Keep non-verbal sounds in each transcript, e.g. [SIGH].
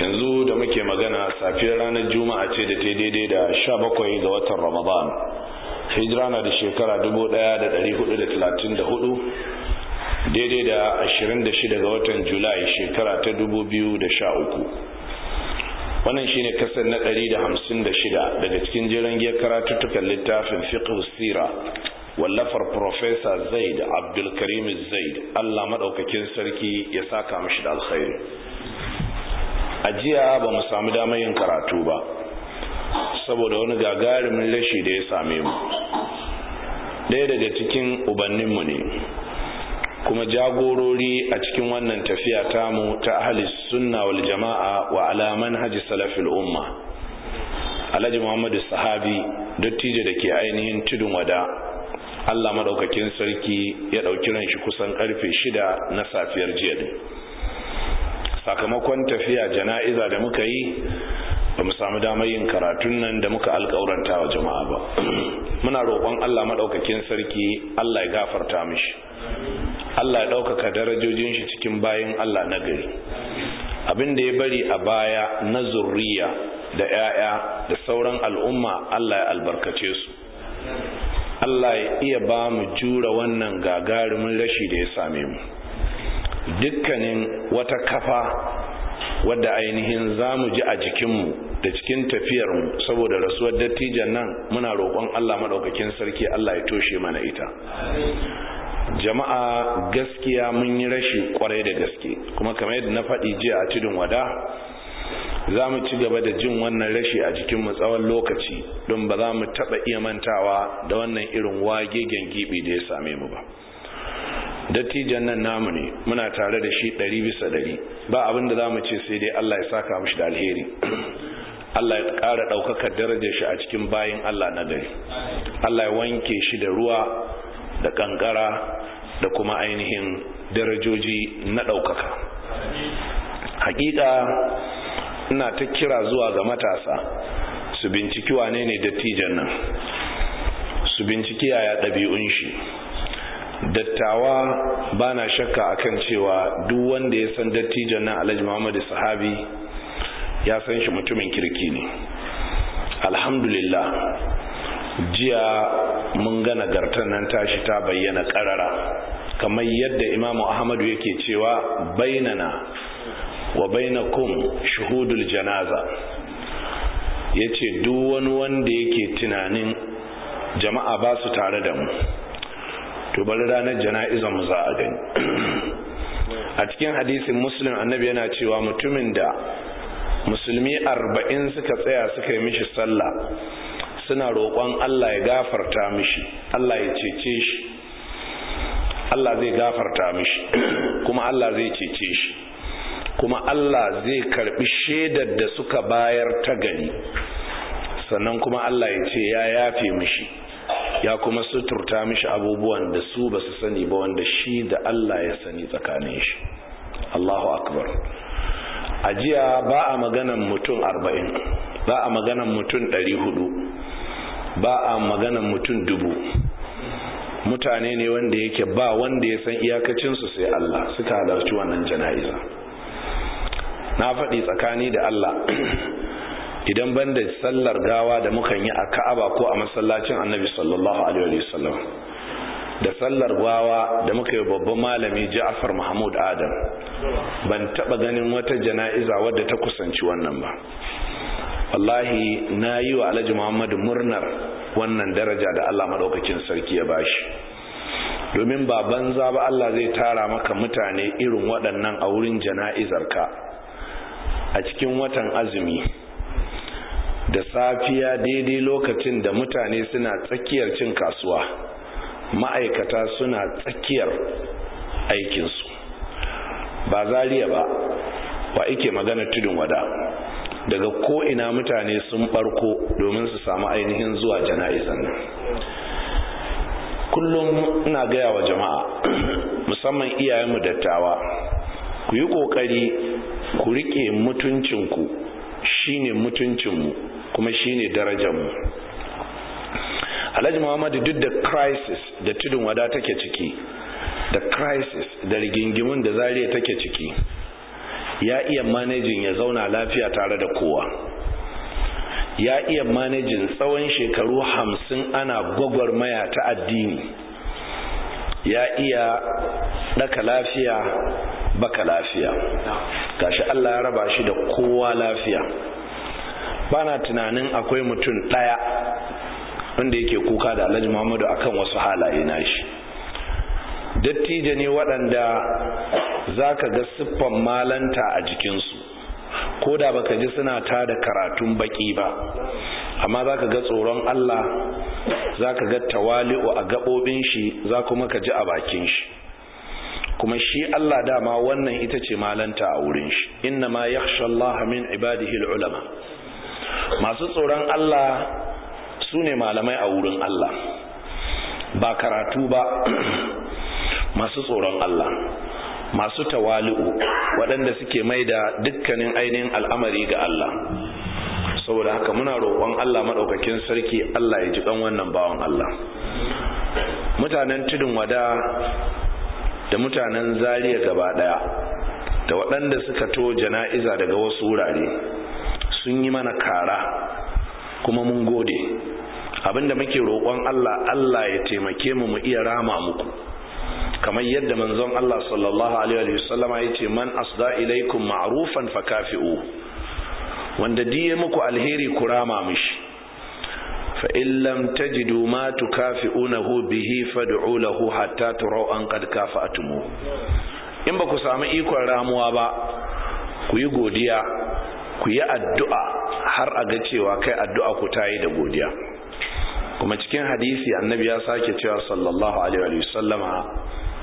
yanzu da muke magana safiyar ranar juma'a ce da ta daidai da sha bakwai ga watan ramadan hijira na da shekara dubu da daidai da ashirin ga watan julai shekara ta dubu biyu wannan shine kasar na ɗari da da daga cikin jiran giyar karatuttukan littafin fiqh sira wallafar Profesa zaid abdulkarim zaid allah maɗaukakin sarki ya saka mashi da alkhairi Ajiya jiya ba mu samu damar yin karatu ba saboda wani gagarumin rashi da ya same mu ɗaya daga cikin ubanninmu ne kuma jagorori a cikin wannan tafiya tamu ta ahalis sunna wal jama'a wa alaman haji salafil umma alhaji muhammadu sahabi dattijo da ke ainihin tudun wada allah maɗaukakin sarki ya ɗauki ran shi kusan karfe shida na safiyar jiya din sakamakon tafiya jana'iza da muka yi ba mu samu damar yin karatun nan da muka alƙauranta wa jama'a ba [CLEARS THROAT] muna roƙon Allah maɗaukakin sarki Allah ya gafarta mishi Allah ya ɗaukaka darajojin shi cikin bayan Allah na gari abin da ya bari a baya na zurriya da 'ya'ya da sauran al'umma Allah ya albarkace su Allah ya iya ba mu jura wannan gagarumin rashi da ya same mu dukkanin wata kafa wadda ainihin za mu ji a jikinmu da cikin tafiyarmu saboda rasuwar dattijan nan muna roƙon Allah maɗaukakin sarki Allah ya toshe mana ita jama'a gaskiya mun yi rashi kwarai da gaske kuma kamar yadda na faɗi jiya a tudun wada za mu ci gaba da jin wannan rashi a jikinmu tsawon lokaci don ba za mu taɓa iya mantawa da wannan irin wage, gibi da ya same mu ba dattijan nan namu ne muna tare da shi ɗari bisa ɗari ba abin da za mu ce sai dai Allah ya saka mashi da alheri [CLEARS THROAT] Allah ya ƙara ɗaukakar darajar shi a cikin bayin Allah na gari Allah ya wanke shi da ruwa da ƙanƙara da kuma ainihin darajoji na ɗaukaka hakika ina ta kira zuwa ga matasa su binciki wane ne dattijan nan su binciki yaya ɗabi'un shi dattawa ba na shakka kan cewa duk wanda ya san dattijan nan alhaji muhammadu sahabi ya san shi mutumin kirki ne alhamdulillah jiya mun gana gartar nan tashi ta bayyana karara kamar yadda imamu ahmadu yake cewa bainana wa bainakum shuhudul janaza ya ce duk wani wanda yake tunanin jama'a ba su tare da mu to bari ranar jana'izan mu za a gani a cikin hadisin muslim annabi yana cewa mutumin da musulmi arba'in suka tsaya suka yi mishi sallah suna roƙon Allah ya gafarta mishi Allah ya cece shi Allah zai gafarta mishi kuma Allah zai cece shi kuma Allah zai karbi shaidar da suka bayar ta gani sannan kuma Allah ya ce ya yafe mishi ya kuma suturta mishi abubuwan da su ba su sani ba wanda shi da Allah ya sani tsakanin shi Allahu akbar a jiya ba a maganan mutum arba'in ba a maganan mutum ɗari hudu ba a maganan mutum dubu mutane ne wanda yake ba wanda ya san iyakacinsu sai Allah suka halarci wannan jana'iza na faɗi tsakani da Allah [CLEARS THROAT] idan banda sallar gawa da mukan yi a ka'aba ko a masallacin annabi sallallahu alaihi wasallam da sallar gawa da muka yi babban malami ja'afar mahmud adam ban taba ganin wata jana'iza wadda ta kusanci wannan ba wallahi na yi wa alhaji muhammadu murnar wannan daraja da allah maɗaukakin sarki ya bashi domin ba banza ba allah zai tara maka mutane irin waɗannan a wurin jana'izarka a cikin watan azumi da safiya daidai lokacin da mutane suna tsakiyar cin kasuwa ma'aikata suna tsakiyar aikinsu ba zariya ba wa ike magana tudun wada daga ko'ina mutane sun barko domin su samu ainihin zuwa jana'izan nan kullum ina gaya wa jama'a [CLEARS THROAT] musamman mu dattawa ku yi ƙoƙari ku riƙe mutuncinku shine mutuncinmu kuma shine darajar mu Alhaji Muhammadu duk da crisis da tudun wada take ciki da crisis da rigingimun da zariya take ciki ya iya manajin ya zauna lafiya tare da kowa ya iya manajin tsawon shekaru hamsin ana gwagwarmaya ta addini ya iya daka lafiya baka lafiya gashi Allah ya raba shi da kowa lafiya bana tunanin akwai mutum ɗaya wanda yake kuka da alhaji muhammadu akan wasu halaye na shi dattijo ne waɗanda za ka ga siffan malanta a jikinsu ko da baka ji suna ta da karatun baki ba amma za ka ga tsoron allah za ka ga tawali'u a gaɓoɓin shi za kuma ka ji a bakin shi kuma shi Allah dama wannan ita ce malanta a wurin shi inna ma yakhsha Allah min ibadihi ulama masu tsoron Allah su ne malamai a wurin Allah ba karatu ba [CLEARS THROAT] masu tsoron Allah masu tawali'u waɗanda suke mai da dukkanin ainihin al'amari ga Allah saboda haka muna roƙon Allah maɗaukakin sarki Allah ya ji ɗan wannan bawan Allah mutanen tudun wada da mutanen zariya gaba ɗaya da waɗanda suka to jana'iza daga wasu wurare sun yi mana kara kuma mun gode abinda muke roƙon Allah Allah ya taimake mu mu iya rama muku kamar yadda manzon Allah sallallahu alaihi wa sallama yace man asda ilaikum ma'rufan fakafi'u wanda diye muku alheri ku rama mishi fa in lam tajidu ma tukafi'unahu bihi fad'u lahu hatta turaw an qad kafa'tumu in ba ku samu ikon ramuwa ba ku yi godiya ku yi addu'a har a ga cewa kai addu'a ku ta yi da godiya kuma cikin hadisi annabi ya sake cewa sallallahu alaihi wa sallama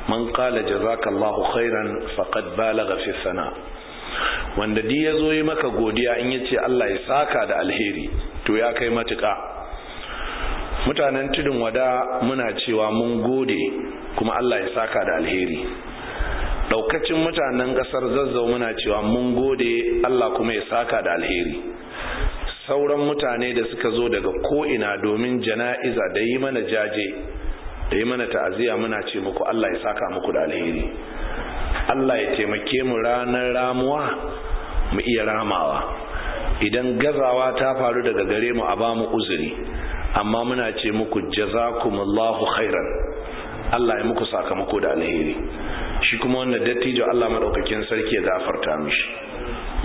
man qala jazakallahu khairan faqad balagha fi sana wanda di ya zo yi maka godiya in ya ce Allah ya saka da alheri to ya kai matuƙa mutanen tudun wada muna cewa mun gode kuma Allah ya saka da alheri daukacin mutanen kasar zazzau muna cewa mun gode Allah kuma ya saka da alheri sauran mutane da suka zo daga ko ina domin jana'iza da yi mana jaje da yi mana ta'aziyya muna ce muku Allah ya saka muku da alheri Allah ya taimake mu ranar ramuwa mu iya ramawa idan gazawa ta faru daga gare mu a bamu uzuri amma muna ce muku jazakumullahu khairan Allah ya muku sakamako da alheri shi kuma wannan dattijo Allah madaukakin sarki ya gafarta mishi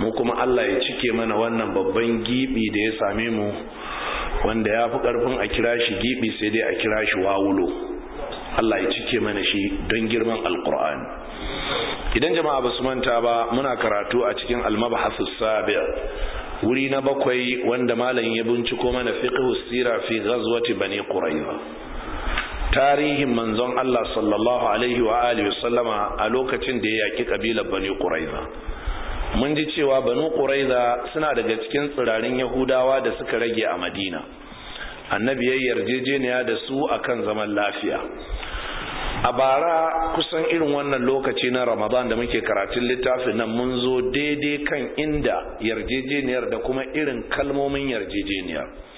mu kuma Allah ya cike mana wannan babban gibi da ya same mu wanda ya fi karfin a kira shi gibi sai dai a kira shi wawulo Allah ya cike mana shi don girman alkur'ani idan jama'a ba su manta ba muna karatu a cikin almabhasus sabi' wuri na bakwai wanda malam ya binciko mana fiqhu sira fi ghazwati bani quraiza tarihin manzon Allah sallallahu alaihi wa alihi sallama a lokacin da ya yaki kabilar Bani Quraiza mun ji cewa Bani Quraiza suna daga cikin tsirarin Yahudawa da suka rage a Madina annabi ya yarjejeniya da su akan zaman lafiya a bara kusan irin wannan lokaci na ramadan da muke karatun littafin nan mun zo daidai kan inda yarjejeniyar da kuma irin kalmomin yarjejeniyar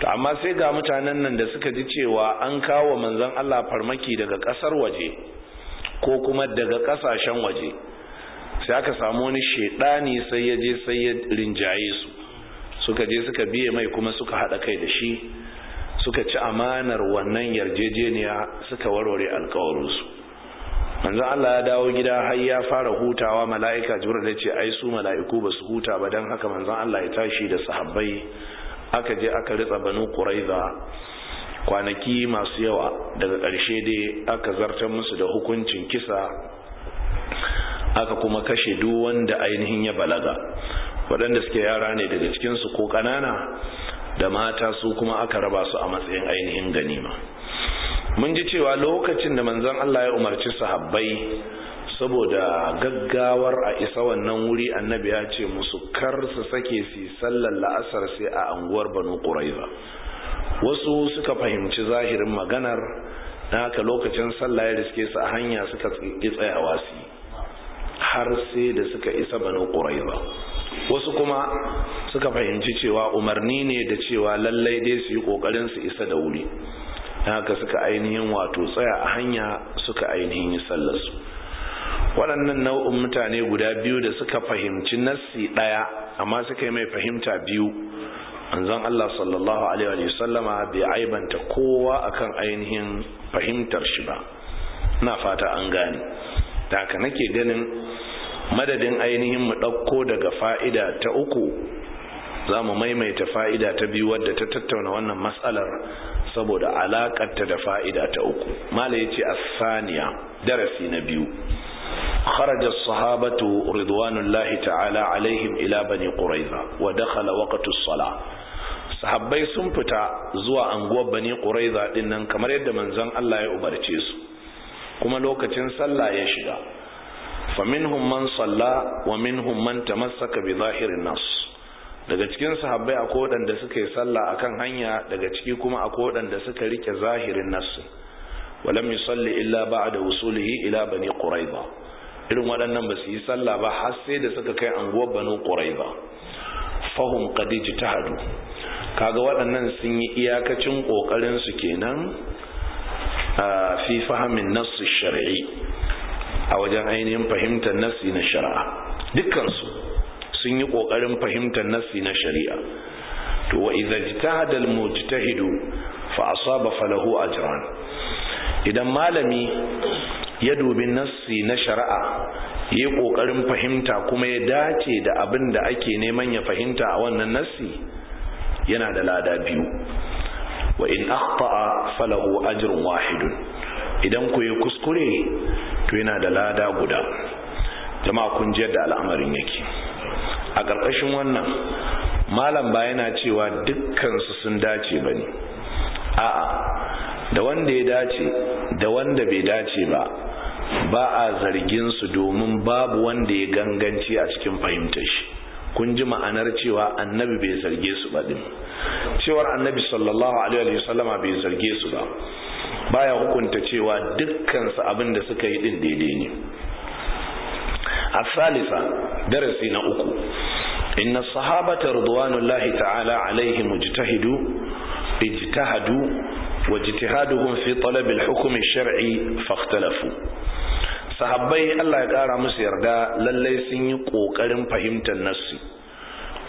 to amma sai ga mutanen nan da suka ji cewa an kawo manzon Allah farmaki daga kasar waje ko kuma daga kasashen waje sai aka samu wani shedani sai ya je sai ya rinjaye su suka je suka biye mai kuma suka hada kai da shi suka ci amanar wannan yarjejeniya suka warware alkawarinsu manzon Allah ya dawo gida har ya fara hutawa mala'ika jibril ya ce ai su mala'iku ba su huta ba dan haka manzon Allah ya tashi da sahabbai aka je aka ritsa banu quraiza kwanaki masu yawa daga ƙarshe dai aka zartar musu da hukuncin kisa aka kuma kashe duk wanda ainihin ya balaga waɗanda suke yara ne daga cikinsu ko ƙanana da mata su kuma aka raba su a matsayin ainihin ganima mun ji cewa lokacin da manzon Allah ya umarci sahabbai saboda gaggawar a isa wannan wuri annabi ya ce musu kar su sake su sallar la'asar sai a anguwar banu ƙuraiza wasu suka fahimci zahirin maganar na haka lokacin sallah da suke sa a hanya suka tsayawa su har sai da suka isa banu ƙuraiza wasu kuma suka fahimci cewa umarni ne da cewa lallai dai su yi ƙoƙarin su isa da wuri haka suka ainihin wato tsaya a hanya suka ainihin yi su. waɗannan nau'in mutane guda biyu da suka fahimci nassi ɗaya amma suka yi mai fahimta biyu anzan Allah sallallahu alaihi wasallama bai aibanta kowa akan ainihin fahimtar shi ba na fata an gane da haka nake ganin madadin ainihin mu ɗauko daga fa'ida ta uku za mu maimaita fa'ida ta biyu wadda ta tattauna wannan matsalar saboda alaƙarta da fa'ida ta uku mala ya ce a saniya darasi na biyu خرج الصحابة رضوان الله تعالى عليهم إلى بني قريظة ودخل وقت الصلاة sahabbai sun fita zuwa anguwar bani ƙuraiza din nan kamar yadda manzon Allah ya umarce su kuma lokacin sallah ya shiga faminhum man salla wa minhum man tamassaka bi zahirin nas daga cikin sahabbai akwai waɗanda suka yi sallah akan hanya daga ciki kuma akwai waɗanda suka rike zahirin nas ولم يصلي إلا بعد وصوله إلى بني quraiba irin waɗannan ba su yi sallah ba har sai da suka kai anguwar banu Fahim fahum ta ijtahadu kaga waɗannan sun yi iyakacin kokarin su kenan fi fahimin nass shar'i a wajen ainihin fahimtar nassi na shari'a dukkan sun yi ƙoƙarin fahimtar nassi na shari'a to wa idza ijtahada al-mujtahidu fa asaba falahu ajran idan malami ya dubi nassi na shari'a ya kokarin fahimta kuma ya dace da abin da ake neman ya fahimta a wannan nassi yana da lada biyu wa in akhta'a falahu ajrun wahidun idan ku yi kuskure to yana da lada guda jama'a kun ji yadda al'amarin yake a ƙarƙashin wannan malam ba yana cewa dukkansu sun dace ba ne a'a da wanda ya dace da wanda bai dace ba ba a zargin su domin babu wanda ya ganganci a cikin fahimtar shi kun ji ma'anar cewa annabi bai zarge su ba din cewar annabi sallallahu alaihi wasallama bai zarge su ba baya hukunta cewa dukkan su abin da suka yi din daidai ne darasi na uku inna sahabata radwanullahi ta'ala alaihi mujtahidu عليهم اجتهدوا اجتهدوا fi في طلب shar'i fa ikhtalafu sahabbai Allah ya kara musu yarda lallai sun yi ƙoƙarin fahimtar nasu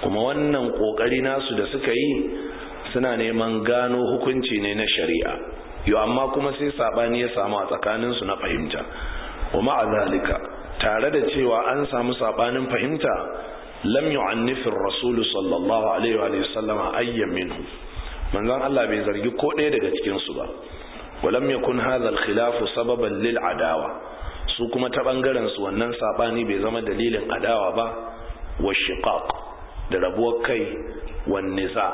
kuma wannan ƙoƙari nasu da suka yi suna neman gano hukunci ne na shari'a yo amma kuma sai sabani ya samu a tsakaninsu na fahimta Kuma a zalika tare da cewa an samu saɓanin fahimta lam yu'annifir rasul sallallahu alaihi wa sallama ayyan minhu manzon Allah bai zargi ko ɗaya daga cikin su ba wa lam yakun hadha al sababan lil adawa su kuma ta bangaren su wannan saɓani bai zama dalilin adawa ba wa shiqaq da rabuwar kai wan nisa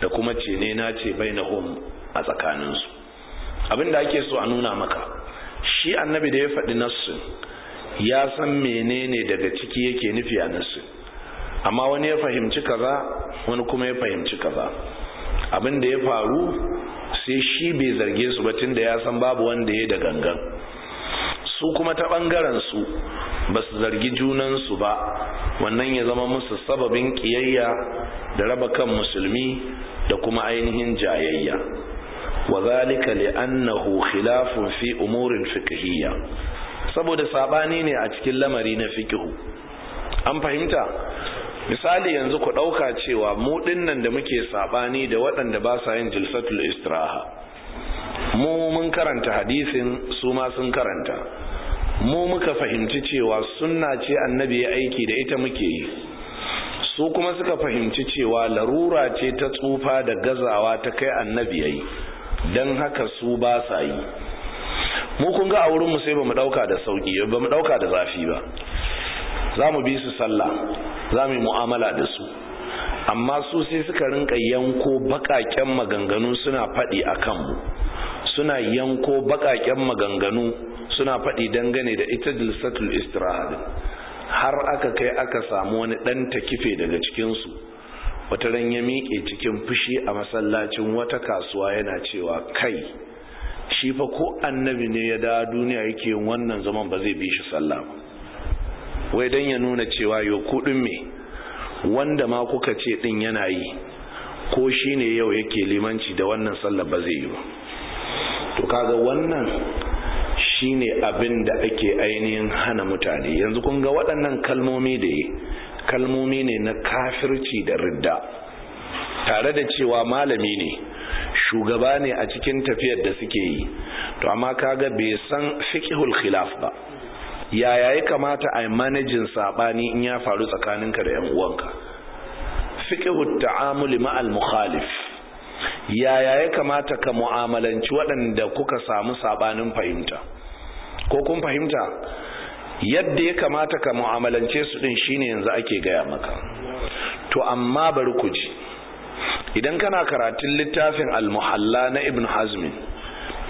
da kuma cene na ce hum a tsakanin su da ake so a nuna maka shi annabi da ya faɗi nassu ya san menene daga ciki yake nufi a nassu amma wani ya fahimci kaza wani kuma ya fahimci kaza abin da ya faru sai shi bai zarge su ba tun da ya san babu wanda ya da gangan su kuma ta ɓangaren su ba su zargi su ba wannan ya zama musu sababin kiyayya da raba kan musulmi da kuma ainihin jayayya wa zalika li'annahu khilafun fi umurin fiqhiyya saboda sabani ne a cikin lamari na fiqhu an fahimta misali yanzu ku ɗauka cewa mu dinnan da muke sabani da waɗanda ba sa yin jilsatul istiraha mu mun karanta hadisin su ma sun karanta mu muka fahimci cewa sunna ce annabi ya aiki da ita muke yi su kuma suka fahimci cewa larura ce ta tsufa da gazawa ta kai annabi yayi don haka su ba sa yi mu kun ga a wurin mu sai bamu dauka da sauki bamu dauka da zafi ba za mu bi su sallah za mu yi mu'amala da su amma su sai suka rinka yanko bakaken maganganu suna faɗi a kanmu suna yanko bakaken maganganu suna faɗi dangane da ita dilsatul istirahad har aka kai aka samu wani ɗan takife daga cikinsu wata ran ya miƙe cikin fushi a masallacin wata kasuwa yana cewa kai shi fa ko annabi ne ya da duniya yake yin wannan zaman ba zai bi shi sallah ba wai dan ya nuna cewa yo kudin me wanda ma kuka ce din yana yi ko shine yau yake limanci da wannan sallah ba zai yi ba to kaga wannan shine abin da ake ainihin hana mutane yanzu kun ga waɗannan kalmomi da kalmomi ne na kafirci da ridda tare da cewa malami ne shugaba ne a cikin tafiyar da suke yi to amma kaga bai san fiqhul khilaf ba yaya ya kamata a manajin sabani in ya faru tsakanin ka da yan uwanka fiqhut ta'amul ma'al mukhalif yaya ya kamata ka mu'amalanci waɗanda kuka samu sabanin fahimta ko kun fahimta yadda ya kamata ka mu'amalance su din shine yanzu ake gaya maka to amma bari ku ji idan kana karatun littafin al-muhalla na ibn hazmin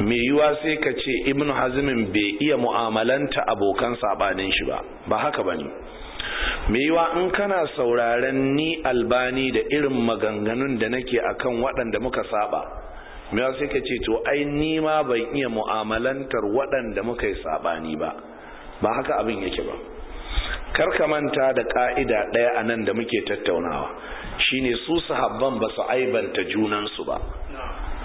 me yiwa sai ka ce ibn hazmin bai iya mu'amalanta abokan sabanin shi ba ba haka bane Me yiwa in kana sauraren ni albani da irin maganganun da nake akan waɗanda muka saba mai sai ka ce to ai ni ma ban iya mu'amalantar waɗanda muka yi saɓani ba ba haka abin yake ba kar ka manta da ƙa'ida ɗaya a nan da muke tattaunawa shine su sahabban ba su aibanta junansu ba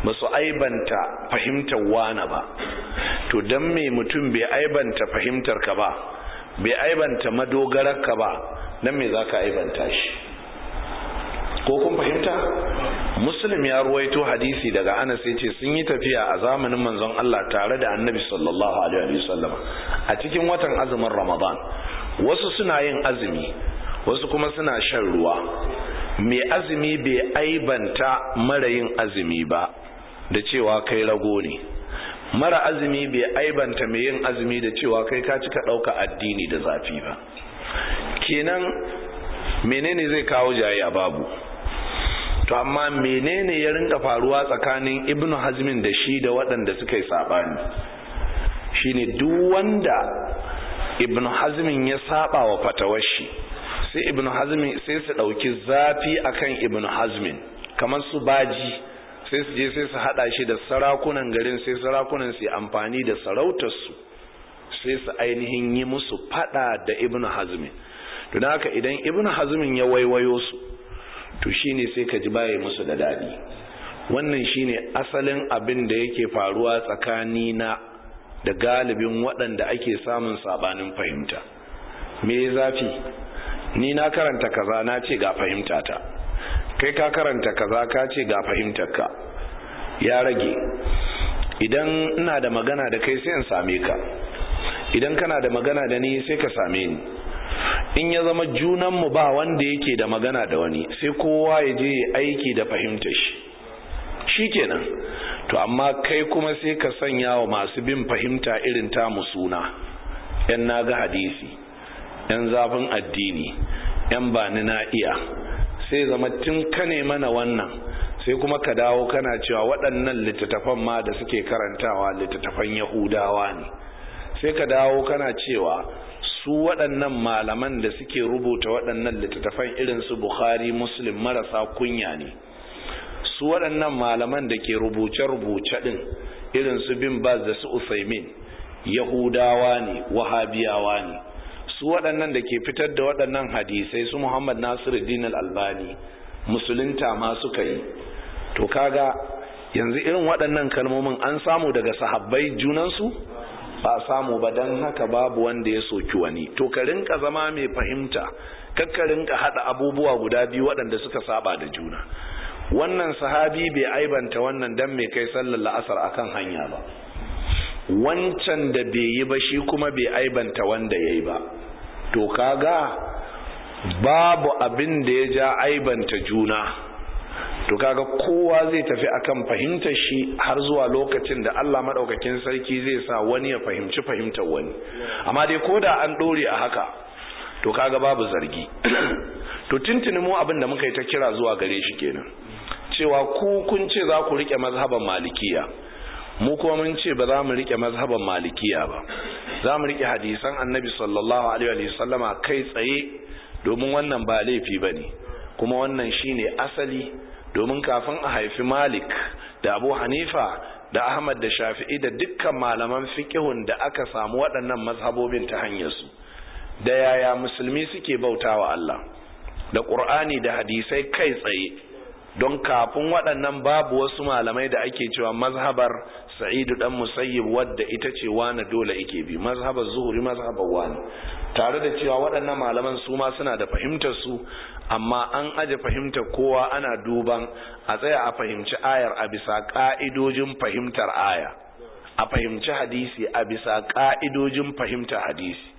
ba su aibanta fahimtar wana ba to don me mutum bai aibanta fahimtar ka ba bai aibanta madogararka ba don me za ka aibanta shi ko kun fahimta muslim ya ruwaito hadisi daga anas yace sun yi tafiya a zamanin manzon Allah tare da annabi sallallahu alaihi wasallam a cikin watan azumin ramadan wasu suna yin azumi wasu kuma suna shan ruwa mai azumi bai aibanta mara yin azumi ba da cewa kai rago ne mara azumi bai aibanta mai yin azumi da cewa kai ka cika ɗauka addini da zafi ba kenan menene zai kawo a babu to amma menene ya rinka faruwa tsakanin ibnu hazmin da shi da waɗanda suka yi saɓani shine duk wanda ibnu hazmin ya saba wa fatawar shi sai ibnu hazmin sai su ɗauki zafi akan ibnu hazmin kamar su baji sai su je sai su haɗa shi da sarakunan garin sai sarakunan su amfani da sarautarsu sai su ainihin yi musu faɗa da ibnu hazmin don haka idan ibnu hazmin ya waiwayo su to shine sai ka ji baye musu da daɗi wannan shine asalin abin da yake faruwa tsakani na da galibin waɗanda ake samun sabanin fahimta me zafi ni na karanta kaza na ce ga ta kai ka karanta kaza ka ce ga ka ya rage idan ina da magana da kai sai in same ka idan kana da magana da ni sai ka same ni in ya zama junanmu ba wanda yake da magana da wani sai kowa ya je aiki da fahimta shi shi kenan to amma kai kuma sai ka sanya wa masu bin fahimta irin tamu suna yan naga hadisi yan zafin addini yan ba ni na iya sai zama tun ka mana wannan sai kuma ka dawo kana cewa waɗannan littattafan ma da suke karantawa littattafan yahudawa ne sai ka dawo kana cewa su waɗannan malaman da suke rubuta waɗannan littattafan irin su bukhari muslim marasa kunya ne su waɗannan malaman da ke rubuce-rubuce din irin su bin baz da su usaimin yahudawa ne wahabiyawa ne su waɗannan da ke fitar da waɗannan hadisai su muhammad nasiruddin albani musulunta ma suka yi to kaga yanzu irin waɗannan kalmomin an samu daga sahabbai junansu ba samu ba don haka babu wanda ya soki wani to ka rinka zama mai fahimta kakka rinka haɗa abubuwa guda biyu waɗanda suka saba da juna wannan sahabi bai aibanta wannan dan mai kai sallar la'asar akan hanya ba wancan da bai yi ba shi kuma bai aibanta wanda ya yi ba to ka ga babu abin da ya ja aibanta juna to kaga kowa zai tafi akan fahimtar shi har zuwa lokacin da Allah madaukakin sarki zai sa wani ya fahimci fahimtar wani amma dai koda an dore a haka to kaga babu zargi [CLEARS THROAT] to tuntuni mu abin da muka yi ta kira zuwa gare shi kenan cewa ku kun ce za ku rike mazhaban malikiya mu kuma mun ce ba za mu rike mazhaban malikiya ba za mu rike hadisan annabi sallallahu alaihi wa sallama kai tsaye domin wannan ba laifi bane kuma wannan shine asali domin kafin a haifi malik da abu hanifa da ahmad da shafi'i da dukkan malaman fiƙihun da aka samu waɗannan mazhabobin ta hanyarsu da yaya musulmi suke bautawa Allah da ƙur'ani da hadisai kai tsaye don kafin waɗannan babu wasu malamai da ake cewa mazhabar sa'idu dan musayyib wadda ita ce wani dole ike bi mazhabar zuhuri mazhabar wani tare da cewa waɗannan malaman su ma suna da fahimtar su amma an aje fahimtar kowa ana duban a tsaya a fahimci ayar a bisa kaidojin fahimtar aya a fahimci hadisi a bisa ƙa'idojin fahimtar hadisi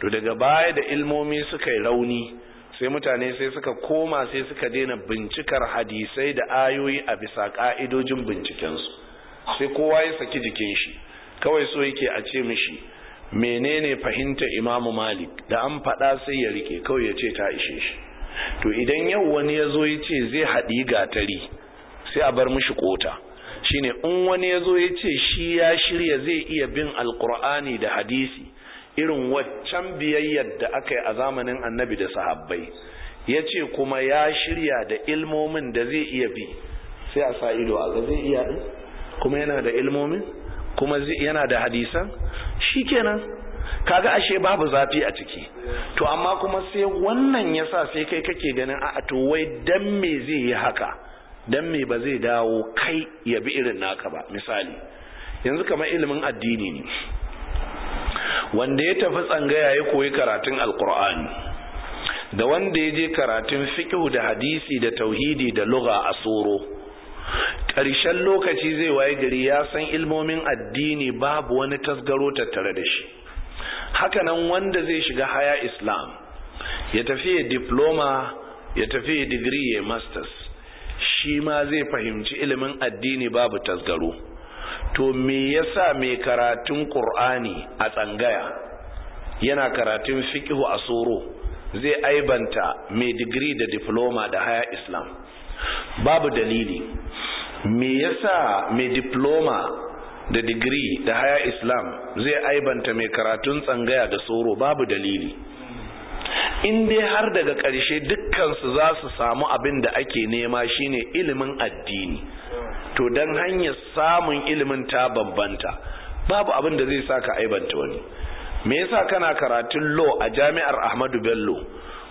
to daga baya da ilmomi suka yi rauni sai mutane sai suka koma sai suka daina bincikar hadisai da ayoyi a bisa kaidojin bincikensu sai kowa ya saki jikin shi kawai so yake a ce mishi menene fahimta imamu malik da an faɗa sai ya rike kawai ya ce ta ishe shi to idan yau wani ya zo ya ce zai haɗi gatari sai a bar mishi kota shine in wani ya zo ya ce shi ya shirya zai iya bin alkur'ani da hadisi irin waccan biyayyar da aka yi a zamanin annabi da sahabbai ya ce kuma ya shirya da ilmomin da zai iya bi sai a sa ido a zai iya kuma yana da ilmomin kuma yana da hadisan shi shikenan kaga ashe babu zafi a ciki to amma kuma sai wannan yasa sai kai kake ganin a to wai dan me zai yi haka dan me ba zai dawo kai ya bi irin naka ba misali yanzu kamar ilimin addini ne wanda ya tafi tsangaya ya koyi karatun alkur'ani da wanda ya je karatun fiqh da hadisi da tauhidi da lugha a tsoro ƙarshen lokaci zai waye gari ya san ilmomin addini babu wani tasgaro tattare da shi hakanan wanda zai shiga haya islam ya tafi ya diploma ya tafi ya digiri ya masters shi ma zai fahimci ilimin addini babu tasgaro to me yasa mai karatun ƙur'ani a tsangaya yana karatun fiƙihu a tsoro zai aibanta mai digiri da diploma da haya islam babu dalili me yasa mai diploma da digiri da haya islam zai aibanta mai karatun tsangaya da tsoro babu dalili in dai har daga ƙarshe dukkansu za su samu abin da ake nema shine ilimin addini to don hanyar samun ilimin ta bambanta babu abin da zai saka aibanta wani me yasa kana karatun law a jami'ar ahmadu bello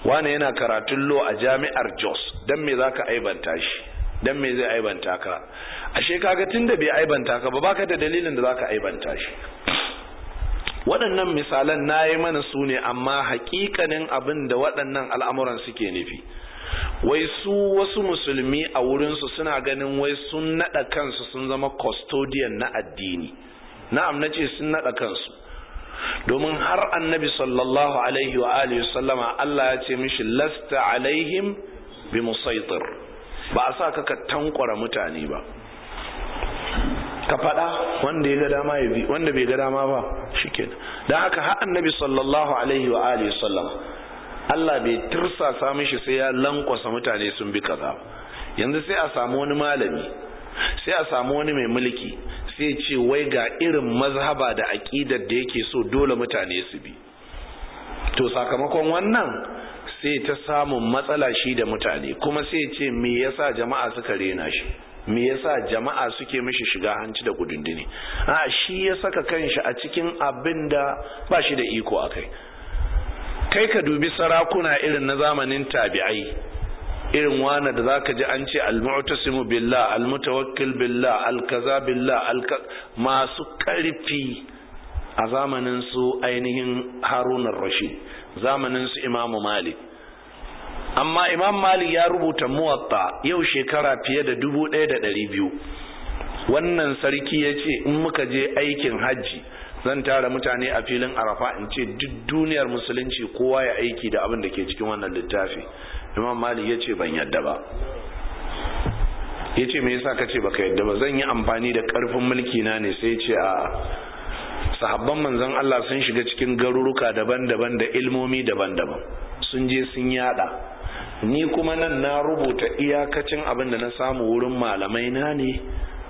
wane yana karatun law a jami'ar jos don me za ka aibanta shi dan me zai aibanta ka ashe kaga tunda bai aibanta ka ba baka da dalilin da zaka aibanta shi waɗannan misalan nayi mana su ne amma hakikanin abin da waɗannan al'amuran suke nufi wai su wasu musulmi a wurinsu suna ganin wai sun naɗa kansu sun zama custodian na addini na'am nace ce sun naɗa kansu domin har annabi sallallahu alaihi wa alihi sallama Allah ya ce mishi lasta alaihim bi musaitir ba a sa ka ka tankwara mutane ba ka faɗa wanda ya dama ya bi wanda bai ga dama ba Da don haka har annabi sallallahu alaihi wa alihi sallama Allah bai tursa samun shi sai ya lankwasa mutane sun bi kaza yanzu sai a samu wani malami sai a samu wani mai mulki sai ce wai ga irin mazhaba da aƙidar da yake so dole mutane su bi to sakamakon wannan sai ta samun matsala shi da mutane kuma sai ce me yasa jama'a suka rena shi me yasa jama'a suke mishi shiga hanci da kudindini a shi ya saka kanshi a cikin abin da ba shi da iko a kai kai ka dubi sarakuna irin na zamanin tabi'ai irin wani da zaka ji an ce almu'tasimu billah almutawakkil billah alkaza billah masu karfi a zamanin su ainihin harunar rashid zamanin su imamu malik amma imam malik ya rubuta muwatta yau shekara fiye da dubu ɗaya da ɗari biyu wannan sarki ya ce in muka je aikin hajji zan tara mutane a filin arafa in ce duk duniyar musulunci kowa ya aiki da abin da ke cikin wannan littafi imam malik ya ce ban yadda ba ya ce me yasa ka ce baka yadda ba zan yi amfani da karfin mulki na ne sai ce a sahabban manzon Allah sun shiga cikin garuruka daban-daban da ilmomi daban-daban sun je sun yada ni kuma nan na rubuta iyakacin abin da na samu wurin malamai na ne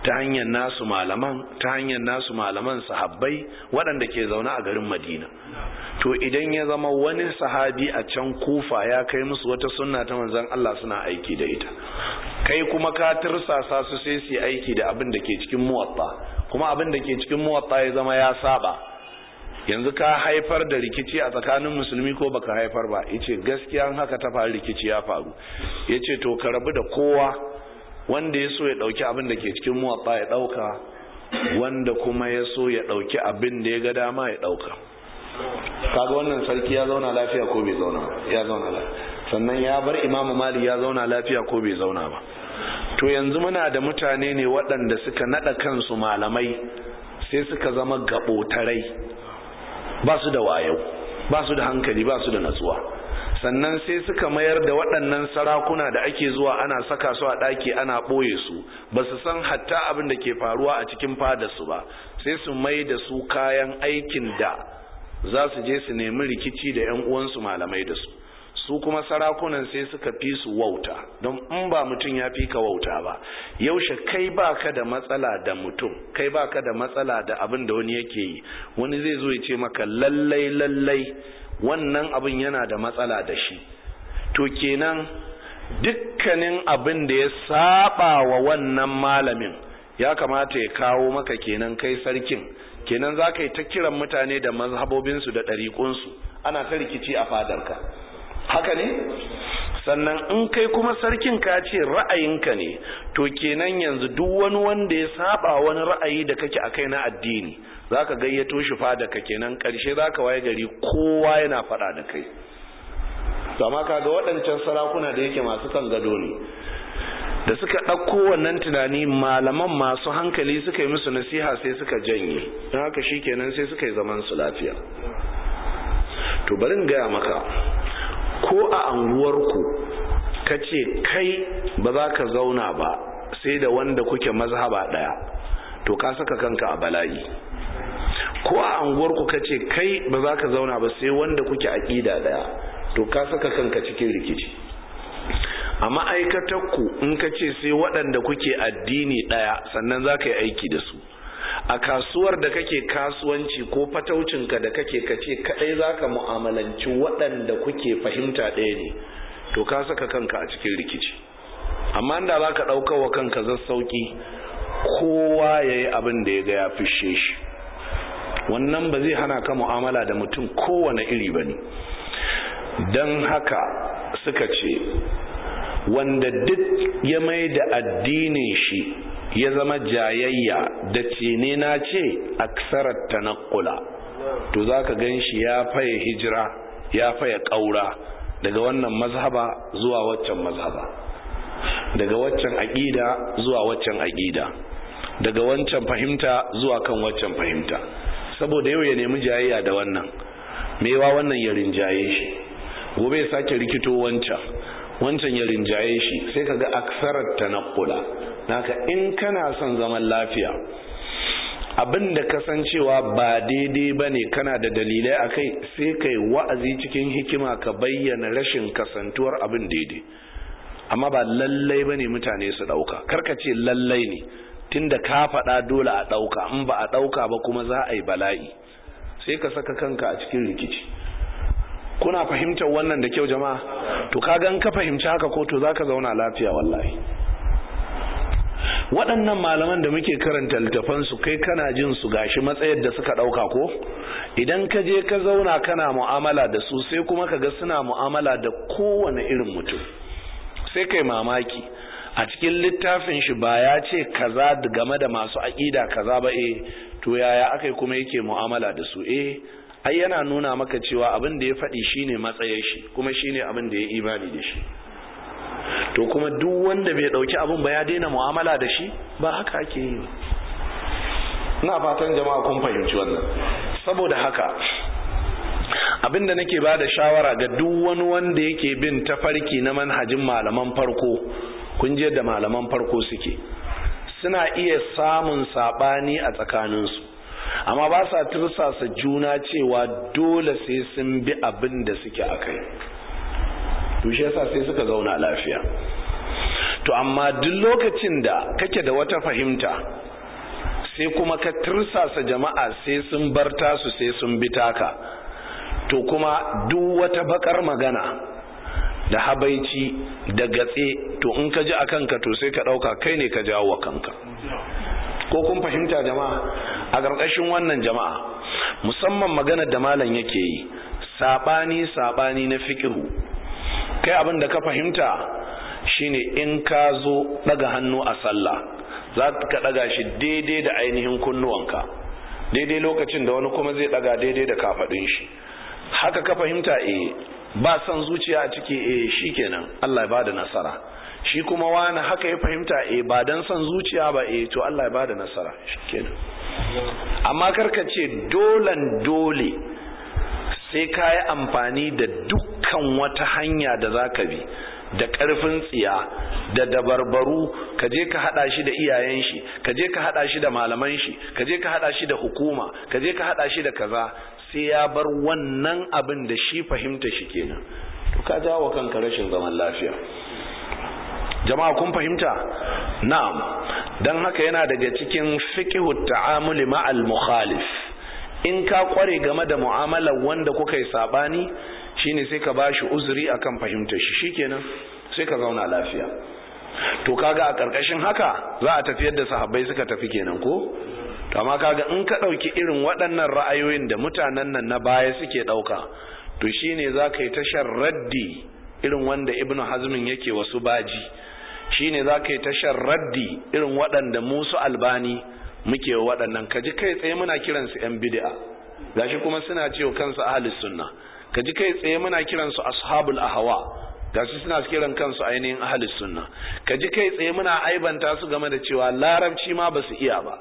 ta hanyar nasu malaman ta hanyar nasu malaman sahabbai waɗanda ke zaune a garin madina to idan ya zama wani sahabi a can kufa ya kai musu wata sunna ta manzon Allah suna aiki da ita kai kuma ka tirsasa su sai su aiki da abin da ke cikin muwatta kuma abin da ke cikin muwatta ya zama ya saba yanzu ka haifar da rikici a tsakanin musulmi ko baka haifar ba yace gaskiya haka ta faru rikici ya faru yace to ka rabu da kowa wanda ya so ya dauki abin da ke cikin muwatta ya dauka wanda kuma ya so ya dauki abin da ya ga dama ya dauka kaga wannan sarki ya zauna lafiya ko bai zauna ya zauna lafiya sannan ya bar imamu mali ya zauna lafiya ko bai zauna ba to yanzu muna da mutane ne waɗanda suka naɗa kansu malamai sai suka zama gabotarai ba su da wayo ba su da hankali ba su da natsuwa sannan sai suka mayar da waɗannan sarakuna da ake zuwa ana saka su a ɗaki ana ɓoye su ba su san hatta abin da ke faruwa a cikin su ba sai su mai da su kayan aikin da za su je su nemi rikici da 'yan uwansu malamai da su su kuma sarakunan sai suka fi su wauta don in ba mutum ya fi ka wauta ba yaushe kai ba ka da matsala da mutum kai ba ka da matsala da abin da wani yake yi wani zai zo ya ce maka lallai lallai wannan abin yana da matsala da shi to kenan dukkanin abin da ya saba wa wannan malamin ya kamata ya kawo maka kenan kai sarkin kenan za ka yi ta kiran mutane da mazhabobinsu da ɗariƙunsu ana ta rikici a fadarka haka ne sannan in kai kuma sarkin ka ce ra'ayinka ne to kenan yanzu duk wani wanda ya saba wani ra'ayi da kake akai na addini zaka gayyato shi fada ka kenan karshe zaka waye gari kowa yana fada da kai to amma kaga waɗancan sarakuna da yake masu kan gado ne da suka ɗauko wannan tunani malaman masu hankali suka yi musu nasiha sai suka janye don haka shi kenan sai suka yi zaman su lafiya to bari in gaya maka ko a anguwarku ka ce kai ba za ka zauna ba sai da wanda kuke mazhaba ɗaya to ka saka kanka a bala'i ko a anguwarku ka ce kai ba za ka zauna ba sai wanda kuke aƙida ɗaya to ka saka kanka cikin rikici a ku in ka ce sai waɗanda kuke addini ɗaya sannan za ka yi aiki da su a kasuwar da kake kasuwanci ko fataucinka da kake kace kadai zaka mu'amalanci waɗanda kuke fahimta ɗaya ne to ka saka kanka a cikin rikici amma da za ka ɗauka wa kanka sauƙi kowa ya yi abin da ya ga ya fishe shi wannan ba zai hana ka mu'amala da mutum kowane iri ba ne don haka suka ce wanda duk ya mai da addinin shi ya zama jayayya da cene na ce aksarar tanakula to za ka gan shi ya faye hijira ya faye ƙaura daga wannan mazhaba zuwa waccan mazhaba daga waccan aƙida zuwa waccan aƙida daga wancan fahimta zuwa kan waccan fahimta saboda yau ya nemi jayayya da wannan mewa wannan ya rinjaye shi gobe ya sake rikito wancan wancan ya rinjaye shi sai ka ga aksarar tanaqqula naka in kana son zaman lafiya abin da kasancewa ba daidai ba ne kana da dalilai a kai sai kai wa'azi cikin hikima ka bayyana rashin kasantuwar abin daidai amma ba lallai ba ne mutane su ɗauka ce lallai ne tunda ka faɗa dole a ɗauka in ba a ɗauka ba kuma za a yi bala'i sai ka saka kanka a cikin rikici kuna fahimtar wannan da kyau jama'a to ka gan ka fahimci haka ko to zaka zauna lafiya wallahi waɗannan malaman da muke karanta su kai kana jin su gashi matsayar da suka ɗauka ko idan ka je ka zauna kana mu'amala da su sai kuma ka ga suna mu'amala da kowane irin mutum sai kai mamaki a cikin littafin shi ba ya ce kaza game da masu aƙida kaza ba eh to yaya akai kuma yake mu'amala da su eh ai yana nuna maka cewa abin da ya faɗi shine matsayin shi kuma shine abin da ya imani da shi to kuma duk wanda bai ɗauki abin ba ya daina mu'amala da shi ba haka ake yi na ina fatan jama'a kun fahimci wannan saboda haka abin da nake ba da shawara ga duk wani wanda yake bin tafarki na manhajin malaman farko kun je da malaman farko suke suna iya samun sabani a tsakaninsu amma ba sa tursasa juna cewa dole sai sun bi abin da suke a kai tushe yasa sai suka zauna lafiya to amma duk lokacin da kake da wata fahimta sai kuma ka tursasa jama'a sai sun bar tasu sai sun bi taka to kuma duk wata bakar magana da habaici da gatse to in ka ji a kanka to sai ka ɗauka kai ne ka jawo kanka ko kun fahimta jama'a a ƙarƙashin wannan jama'a musamman magana da malam yake yi sabani sabani na fikihu kai abin da ka fahimta shine in ka zo daga hannu a sallah za ka daga shi daidai da ainihin kunnuwanka daidai lokacin da wani kuma zai daga daidai da kafadin shi haka ka fahimta eh ba son zuciya a ciki eh shikenan Allah ya bada nasara shi kuma wani haka ya fahimta e ba don son zuciya ba e to Allah ya bada nasara shikenan amma karka ce dolan dole sai ka yi amfani da dukkan wata hanya da za ka bi da karfin tsiya da dabarbaru ka je ka hada shi da iyayen shi ka je ka hada shi da malaman shi ka je ka hada shi da hukuma ka je ka hada shi da kaza sai ya bar wannan abin da shi fahimta shi kenan to ka jawo kanka rashin zaman lafiya jama'a kun fahimta na'am dan haka yana daga cikin fiqhu ta'amuli ma'al mukhalif in ka kware game da mu'amalar wanda kuka yi sabani shine sai ka bashi uzuri akan fahimtar shi shikenan sai ka zauna lafiya to kaga a karkashin haka za a tafi yadda sahabbai suka tafi kenan ko amma kaga in ka dauki irin waɗannan ra'ayoyin da mutanen nan na baya suke dauka to shine za ka yi tashar raddi irin wanda ibnu hazmin yake wasu baji shine za ka yi tashar raddi irin waɗanda musu albani muke waɗannan ka ji kai tsaye muna kiransu 'yan bid'a shi kuma suna cewa kansu ahalis sunna ka ji kai tsaye muna kiransu ashabul ga shi suna kiran kansu ainihin ahalis sunna ka ji kai tsaye muna aibanta su game da cewa larabci ma basu iya ba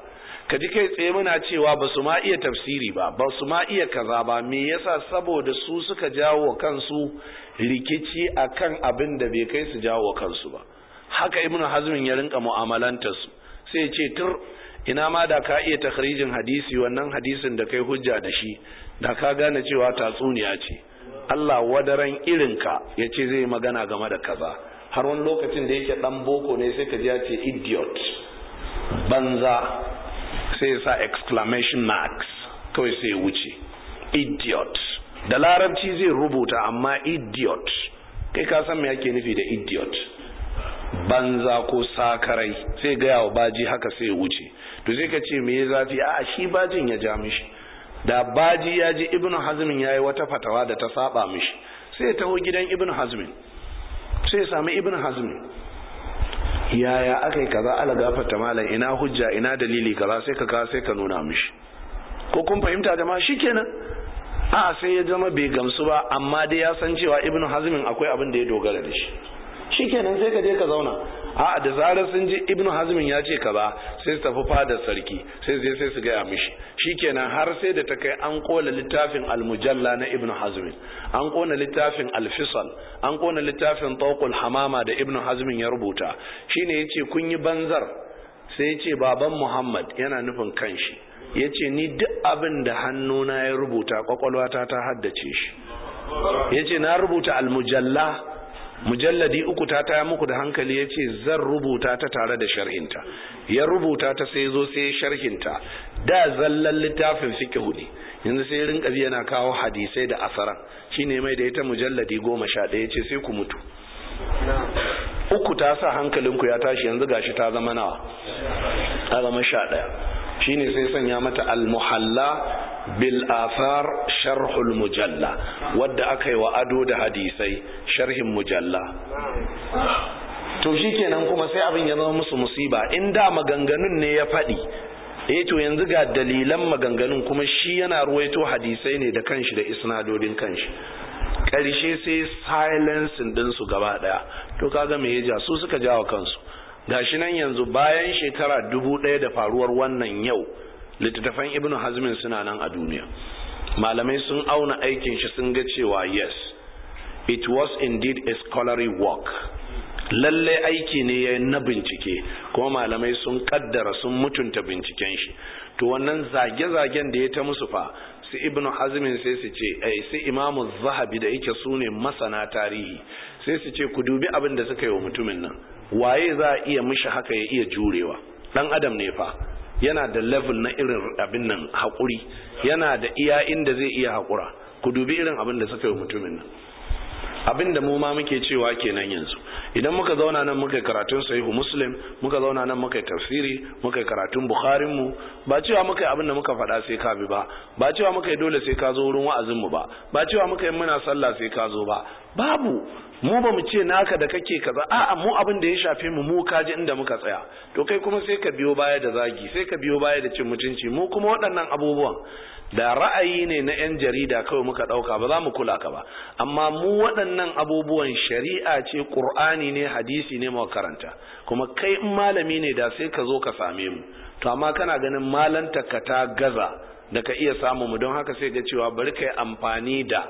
ka ji kai tsaye muna cewa ba su ma iya tafsiri ba ba su ma iya kaza ba me yasa saboda su suka jawo kansu rikici akan abin da bai kai su jawo kansu ba haka ibnu hazmin ya rinka mu'amalantar su sai ce tur ina ma da ka iya takhrijin hadisi wannan hadisin da kai hujja da shi da ka gane cewa tatsuniya ce Allah wadaran irin ka yace zai magana game da kaza har wani lokacin da yake dan boko ne sai ka ji yace idiot banza sai sa exclamation marks kawai sai wuce idiot da larabci zai rubuta amma idiot kai ka san me yake nufi da idiot banza ko sakarai sai gaya wa baji haka sai wuce to sai ka ce me ya zafi a shi bajin ya ja mishi da baji ya ji ibn hazmin ya yi wata fatawa da ta saba mishi sai taho gidan ibn hazmin sai sami ibn hazmin yaya aka yi kaza ala fata malam ina hujja ina dalili kaza sai ka kawo sai ka nuna mishi ko kun fahimta da ma shi kenan a sai ya zama bai gamsu ba amma dai ya san cewa ibn hazmin akwai abin da ya dogara da shi shi kenan sai ka je ka zauna a da zarar sun ji ibn hazmin ya ce kaza sai su tafi fadar sarki sai je sai su gaya mishi kenan har sai da ta kai an kona littafin almujalla na ibn hazmin an kona littafin alfisal an kona littafin tawqul hamama da ibn hazmin ya rubuta Shi shine yace kun yi banzar sai yace baban muhammad yana nufin kanshi yace ni duk abin da hannuna ya rubuta kwakwalwata ta haddace shi yace na rubuta almujalla mujalladi uku ta taya muku da hankali ya ce zan rubuta ta tare da sharhinta ya rubuta ta sai zo sai sharhinta da zallan littafin fiƙi hudu yanzu sai rinka biya na kawo hadisai da asaran shine mai da ita mujalladi goma sha ɗaya sai ku mutu uku ta sa hankalinku ya tashi yanzu gashi ta zama nawa ta zama sha ɗaya shine sai sanya mata al-muhalla bil athar sharhul mujalla wadda aka yi wa ado da hadisai sharhin mujalla to shi kenan kuma sai abin ya zama musu musiba in da maganganun ne ya faɗi eh to yanzu ga dalilan maganganun kuma shi yana ruwaito hadisai ne da kanshi da isnadodin kanshi karshe sai silencing din su gaba ɗaya. to kaga me ya ja su suka jawa kansu gashi nan yanzu bayan shekara dubu ɗaya da faruwar wannan yau littattafan ibnu hazmin suna nan a duniya malamai sun auna aikin shi sun ga cewa yes it was indeed a scholarly work lalle aiki ne ya na bincike kuma malamai sun kaddara sun mutunta binciken shi to wannan zage-zagen da ya ta musu fa su ibnu hazmin sai su ce ai su imamu zahabi da yake sune masana tarihi sai su ce ku dubi abin da suka yi wa mutumin nan waye za a iya mishi haka ya iya jurewa dan adam ne fa yana da level na irin abin nan haƙuri yana da iya inda zai iya haƙura ku dubi irin abin da suka yi mutumin nan abin da mu ma muke cewa kenan yanzu idan muka zauna nan muka karatun sahihu muslim muka zauna nan muka tafsiri muka karatun bukharin mu ba cewa muka abin da muka faɗa sai ka bi ba ba cewa muka dole sai ka zo wurin wa'azin mu ba ba cewa muka muna sallah sai ka zo ba babu mu ba mu ce naka da kake kaza a'a mu abin da ya shafe mu mu kaji inda muka tsaya to kai kuma sai ka biyo baya da zagi sai ka biyo baya da cin mutunci mu kuma waɗannan abubuwan da ra'ayi ne na 'yan jarida kawai muka ɗauka ba za mu kula ka ba amma mu waɗannan abubuwan shari'a ce ƙur'ani ne hadisi ne mu karanta kuma kai in malami ne da sai ka zo ka same mu to amma kana ganin malanta ka ta gaza da ka iya samu mu don haka sai ga cewa bari kai amfani da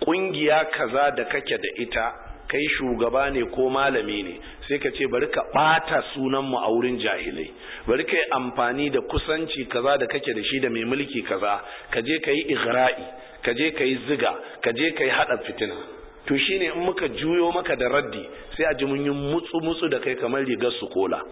ƙungiya kaza da kake da ita kai shugaba ne ko malami ne sai ka ce bari ka bata sunanmu a wurin jahilai bari ka yi amfani da kusanci kaza da kake da shi da mai mulki kaza ka je ka yi igra'i ka je ka yi ziga ka je ka yi haɗa fitina to shine in muka juyo maka da raddi sai a ji mun yi mutsu mutsu da kai kamar rigar su kola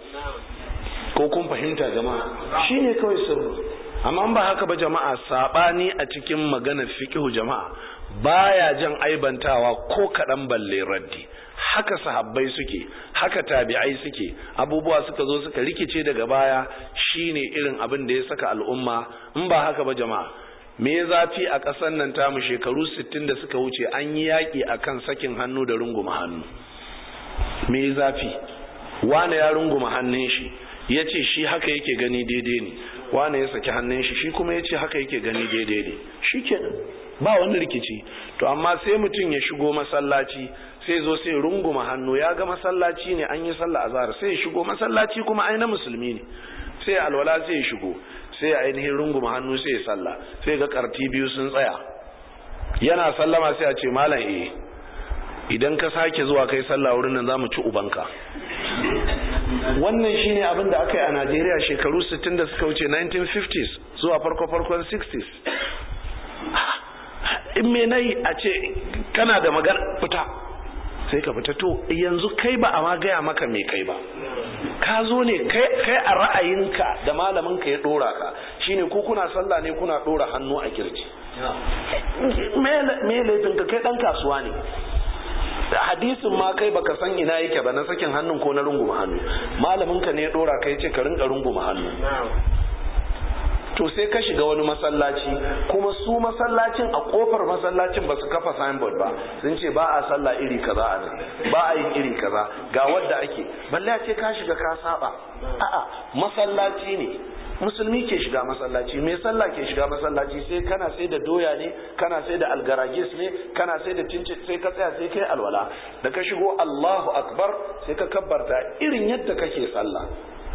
ko kun fahimta jama'a shine kawai sirri amma ba haka ba jama'a sabani a cikin magana fiqhu jama'a baya jan aibantawa ko kaɗan balle raddi haka sahabbai suke haka tabi'ai suke abubuwa suka zo suka rikice daga baya shine irin abin da ya saka al'umma in ba haka ba jama'a me zafi a ƙasar nan tamu shekaru 60 da suka wuce an yi yaƙi kan sakin hannu da runguma hannu me zafi wane ya runguma hannun shi ya ce shi haka yake gani daidai ne wane ya saki hannun shi shi kuma ya ce haka yake gani daidai ne shi ba wani rikici to amma sai mutum ya shigo masallaci sai zo sai runguma hannu ya ga masallaci ne an yi sallah azhar sai ya shigo masallaci kuma ai na musulmi ne sai alwala sai ya shigo sai ainihin runguma hannu sai ya sallah sai ga karti biyu sun tsaya yana sallama sai a ce malam eh idan ka sake zuwa kai sallah wurin nan zamu ci ubanka wannan shine abin da aka yi a Najeriya shekaru 60 da suka wuce 1950s zuwa farko farkon 60s in me nayi a ce kana da magana fita sai ka fita to yanzu kai ba a ma gaya maka me kai ba ka zo ne kai a ra'ayinka da malamin ka ya dora ka shine ko kuna sallah ne kuna dora hannu a kirji me laifin ka kai dan kasuwa ne hadisin ma kai baka san ina yake ba na sakin hannun ko na runguma hannu malamin ka ne ya dora ya ce ka rinka runguma hannu to sai ka shiga wani masallaci kuma su masallacin a kofar masallacin ba su kafa signboard ba sun ce ba a sallah iri kaza a nan ba a yin iri kaza ga wadda ake balle ce ka shiga ka saba a'a masallaci ne musulmi ke shiga masallaci mai sallah ke shiga masallaci sai kana sai da doya ne kana sai da algaragis ne kana sai da cinci sai ka tsaya sai kai alwala da ka shigo Allahu akbar sai ka kabbarta irin yadda kake sallah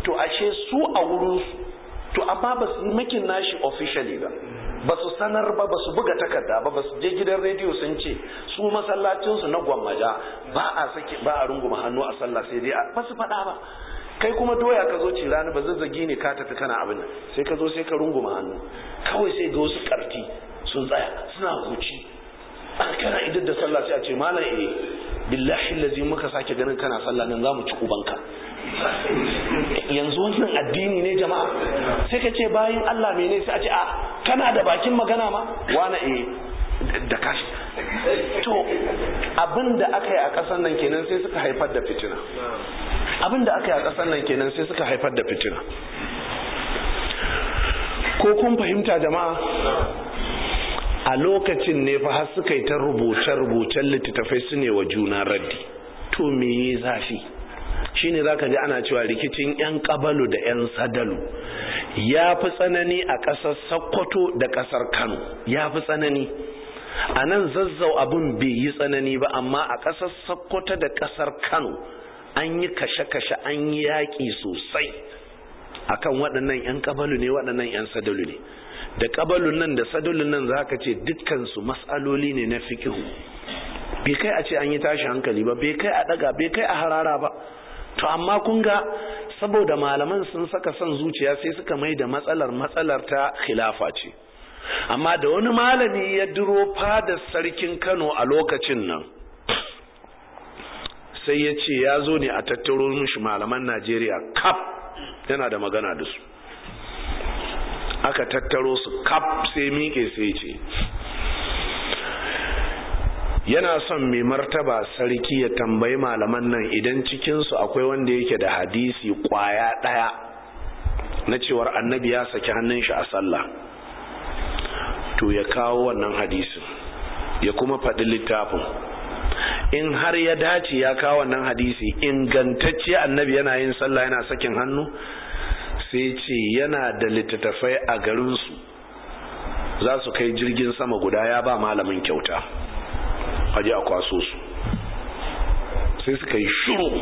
to ashe su a wurin to amma ba su makin nashi officially ba ba su sanar ba ba su buga takarda ba ba su je gidan rediyo sun ce su masallacinsu na gwammaja ba a saki ba a runguma hannu a sallah sai dai ba su faɗa ba kai kuma doya ka zo ci rani ba zazzagi ne ka tafi kana abin sai ka zo sai ka runguma hannu kawai sai ga wasu karti sun tsaya suna huci kana idan da sallah sai a ce malam ne. Eh, billahi lazi muka sake ganin kana sallah nan zamu ci ubanka yanzu wannan addini ne jama'a sai ka ce bayan Allah mene sai a ce a kana da bakin magana ma wani eh da kashi to abinda a ƙasar nan kenan sai suka haifar da fitina abinda da aka yi a ƙasar nan kenan sai suka haifar da fitina ko kun fahimta jama'a a lokacin ne fa har suka yi ta rubuce-rubucen littattafai su ne wa juna raddi to me yi zafi Shi ne za ka ji ana cewa rikicin yan kabalu da yan sadalu ya fi tsanani a ƙasar sokoto da ƙasar kano ya fi tsanani a nan zazzau abin bai yi tsanani ba amma a ƙasar sokoto da ƙasar kano an yi kashe-kashe an yi yaƙi sosai akan waɗannan 'yan kabalu ne waɗannan 'yan sadalu ne da ƙabalun nan da sadulun nan za ka ce dukkansu matsaloli ne na fikihu bai kai a ce an yi tashi hankali ba bai kai a ɗaga bai kai a harara ba to amma kun ga saboda malaman sun saka son zuciya sai suka mai da matsalar matsalar ta khilafa ce amma da wani malami ya duro fadar sarkin kano a lokacin nan sai ya ce ya zo ne a tattaro mishi malaman najeriya kaf yana da magana da su aka tattaro su kaf sai miƙe sai ce yana son mai martaba sarki ya tambayi malaman nan idan cikinsu akwai wanda yake da hadisi kwaya ɗaya na cewar annabi ya saki hannun shi a sallah to ya kawo wannan hadisin ya kuma faɗi littafin in har ya dace ya kawo wannan hadisi ingantacce annabi yana yin sallah yana sakin hannu sai ce yana da littattafai a garinsu za su kai jirgin sama guda ya ba malamin kyauta haji a kwaso su sai suka yi shuru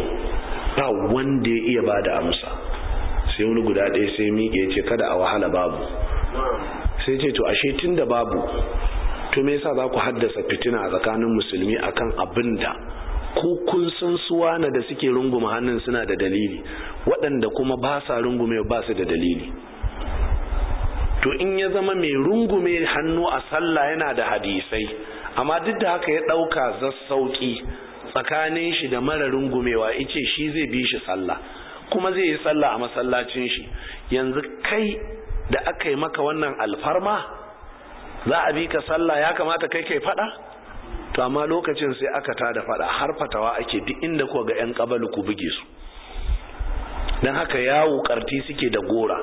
ba wanda ya iya ba da amsa sai wani guda ɗaya sai miƙe ce kada a wahala babu sai ce to ashe tun da babu to me yasa za ku haddasa fitina a tsakanin musulmi akan abin da ko kun sun suwana na da suke runguma hannun suna da dalili waɗanda kuma ba sa rungume ba su da dalili to in ya zama mai rungume hannu a sallah yana da hadisai amma duk da haka ya ɗauka zassauƙi tsakanin shi da mara rungumewa ice shi zai bi shi sallah kuma zai yi sallah a masallacin shi yanzu kai da aka yi maka wannan alfarma za a bi ka sallah ya kamata kai kai faɗa to amma lokacin sai aka tada fada har fatawa ake duk inda kuwa ga 'yan kabalu ku buge su don haka yawo karti suke da gora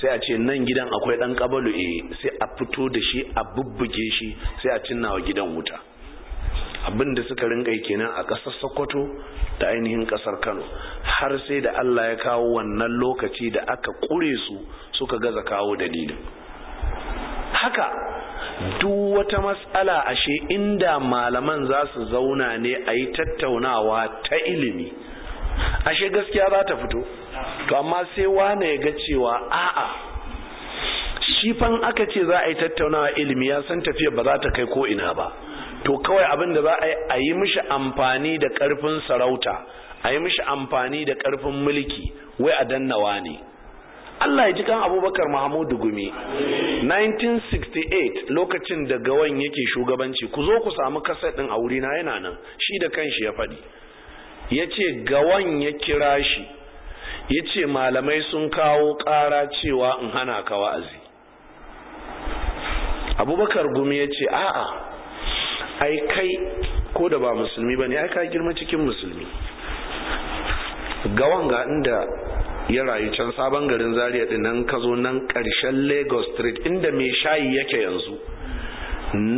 sai a ce nan gidan akwai ɗan kabalu eh sai a fito da shi a bubbuge shi sai a cinna wa gidan wuta abin da suka rinka kenan a ƙasar sokoto da ainihin ƙasar kano har sai da allah ya kawo wannan lokaci da aka ƙure su suka gaza kawo dalilin haka duk wata matsala ashe inda malaman za su zauna ne a yi tattaunawa ta ilimi ashe gaskiya za ta fito to amma sai wane ya ga cewa a'a shi fan aka ce za a yi tattaunawa ilimi ya san tafiya ba za ta kai ko ina ba to kawai abin da za a yi mishi amfani da karfin sarauta a yi mishi amfani da karfin mulki wai a dannawa ne Allah ya ji kan abubakar Mahamudu Gumi 1968 lokacin da gawan yake shugabanci ku zo ku samu kasar ɗin a wurina yana nan shi da kanshi ya faɗi ya ce gawan ya kira shi ya ce malamai sun kawo ƙara cewa in hana ka wa'azi abubakar gumi ya ce a'a ai kai ko da ba musulmi ba ne ai ka girma cikin musulmi gawan ga inda ya rayu can sabon garin zaria din nan ka zo nan ƙarshen lagos street inda mai shayi yake yanzu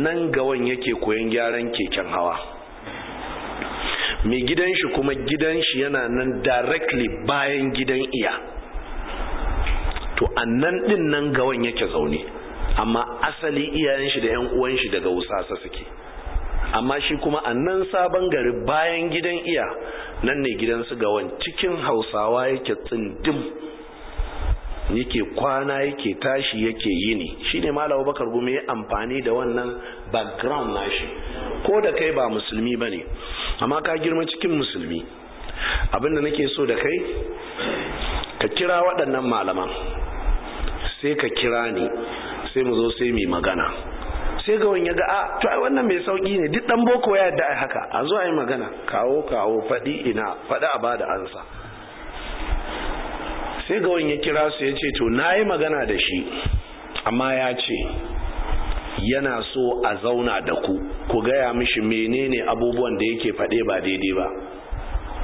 nan gawan yake koyon gyaran keken hawa mai gidan shi kuma gidan shi yana nan directly bayan gidan iya to annan din nan gawan yake zaune amma asali iyayen shi da 'yan uwan shi daga wusasa suke amma shi kuma a nan sabon gari bayan gidan iya nan ne gidansu wani cikin hausawa yake tsindim yake kwana yake tashi yake yi ne. Shi shine malam bakar gumi ya amfani da wannan background nashi ko da kai ba musulmi ba ne amma ka girma cikin musulmi abinda nake so da kai ka kira waɗannan malaman sai ka kira ni sai mu zo sai mu magana sai ga wani ga a to ai wannan mai sauki ne duk dan boko ya yadda ai haka a zo ai magana kawo kawo faɗi ina faɗi a bada ansa sai ga wani ya kira su ya ce to na yi magana da shi amma ya ce yana so a zauna da ku ku gaya mishi menene abubuwan da yake faɗe ba daidai ba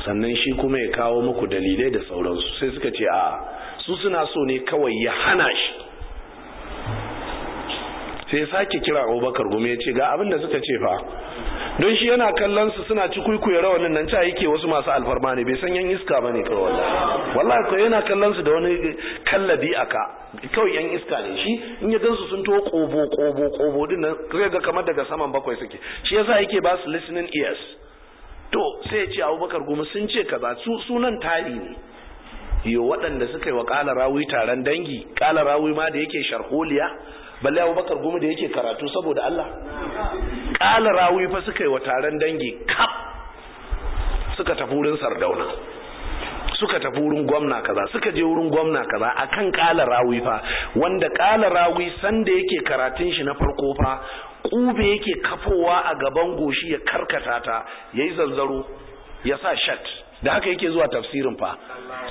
sannan shi kuma ya kawo muku dalilai da sauransu sai suka ce a su suna so ne kawai ya hana shi sai ya sake kira abubakar gumi ya ce ga abin da suka ce fa don shi yana kallon su suna ci kuikuyar rawanin nan ca yake wasu masu alfarma ne bai san yan iska ba ne kawai wallahi ko yana kallon su da wani kallabi a ka kawai yan iska ne shi in ya gansu sun to kobo kobo kobo din nan zai ga kamar daga saman bakwai suke shi yasa yake ba su listening ears to sai ya ce abubakar gumi sun ce kaza su sunan tari ne yo waɗanda suka yi wa kala rawi taron dangi kala rawi ma da yake sharholiya balle abubakar goma da yake karatu saboda Allah ƙala rawi fa suka yi wa taron dangi kap. suka tafi wurin sardauna suka tafi wurin gwamna kaza suka je wurin gwamna kaza akan ƙala rawi fa wanda ƙala rawi sanda yake karatun shi na farko fa kube yake kafowa a gaban goshi ya karkata ta yayi zanzaro ya sa shat da haka yake zuwa tafsirin fa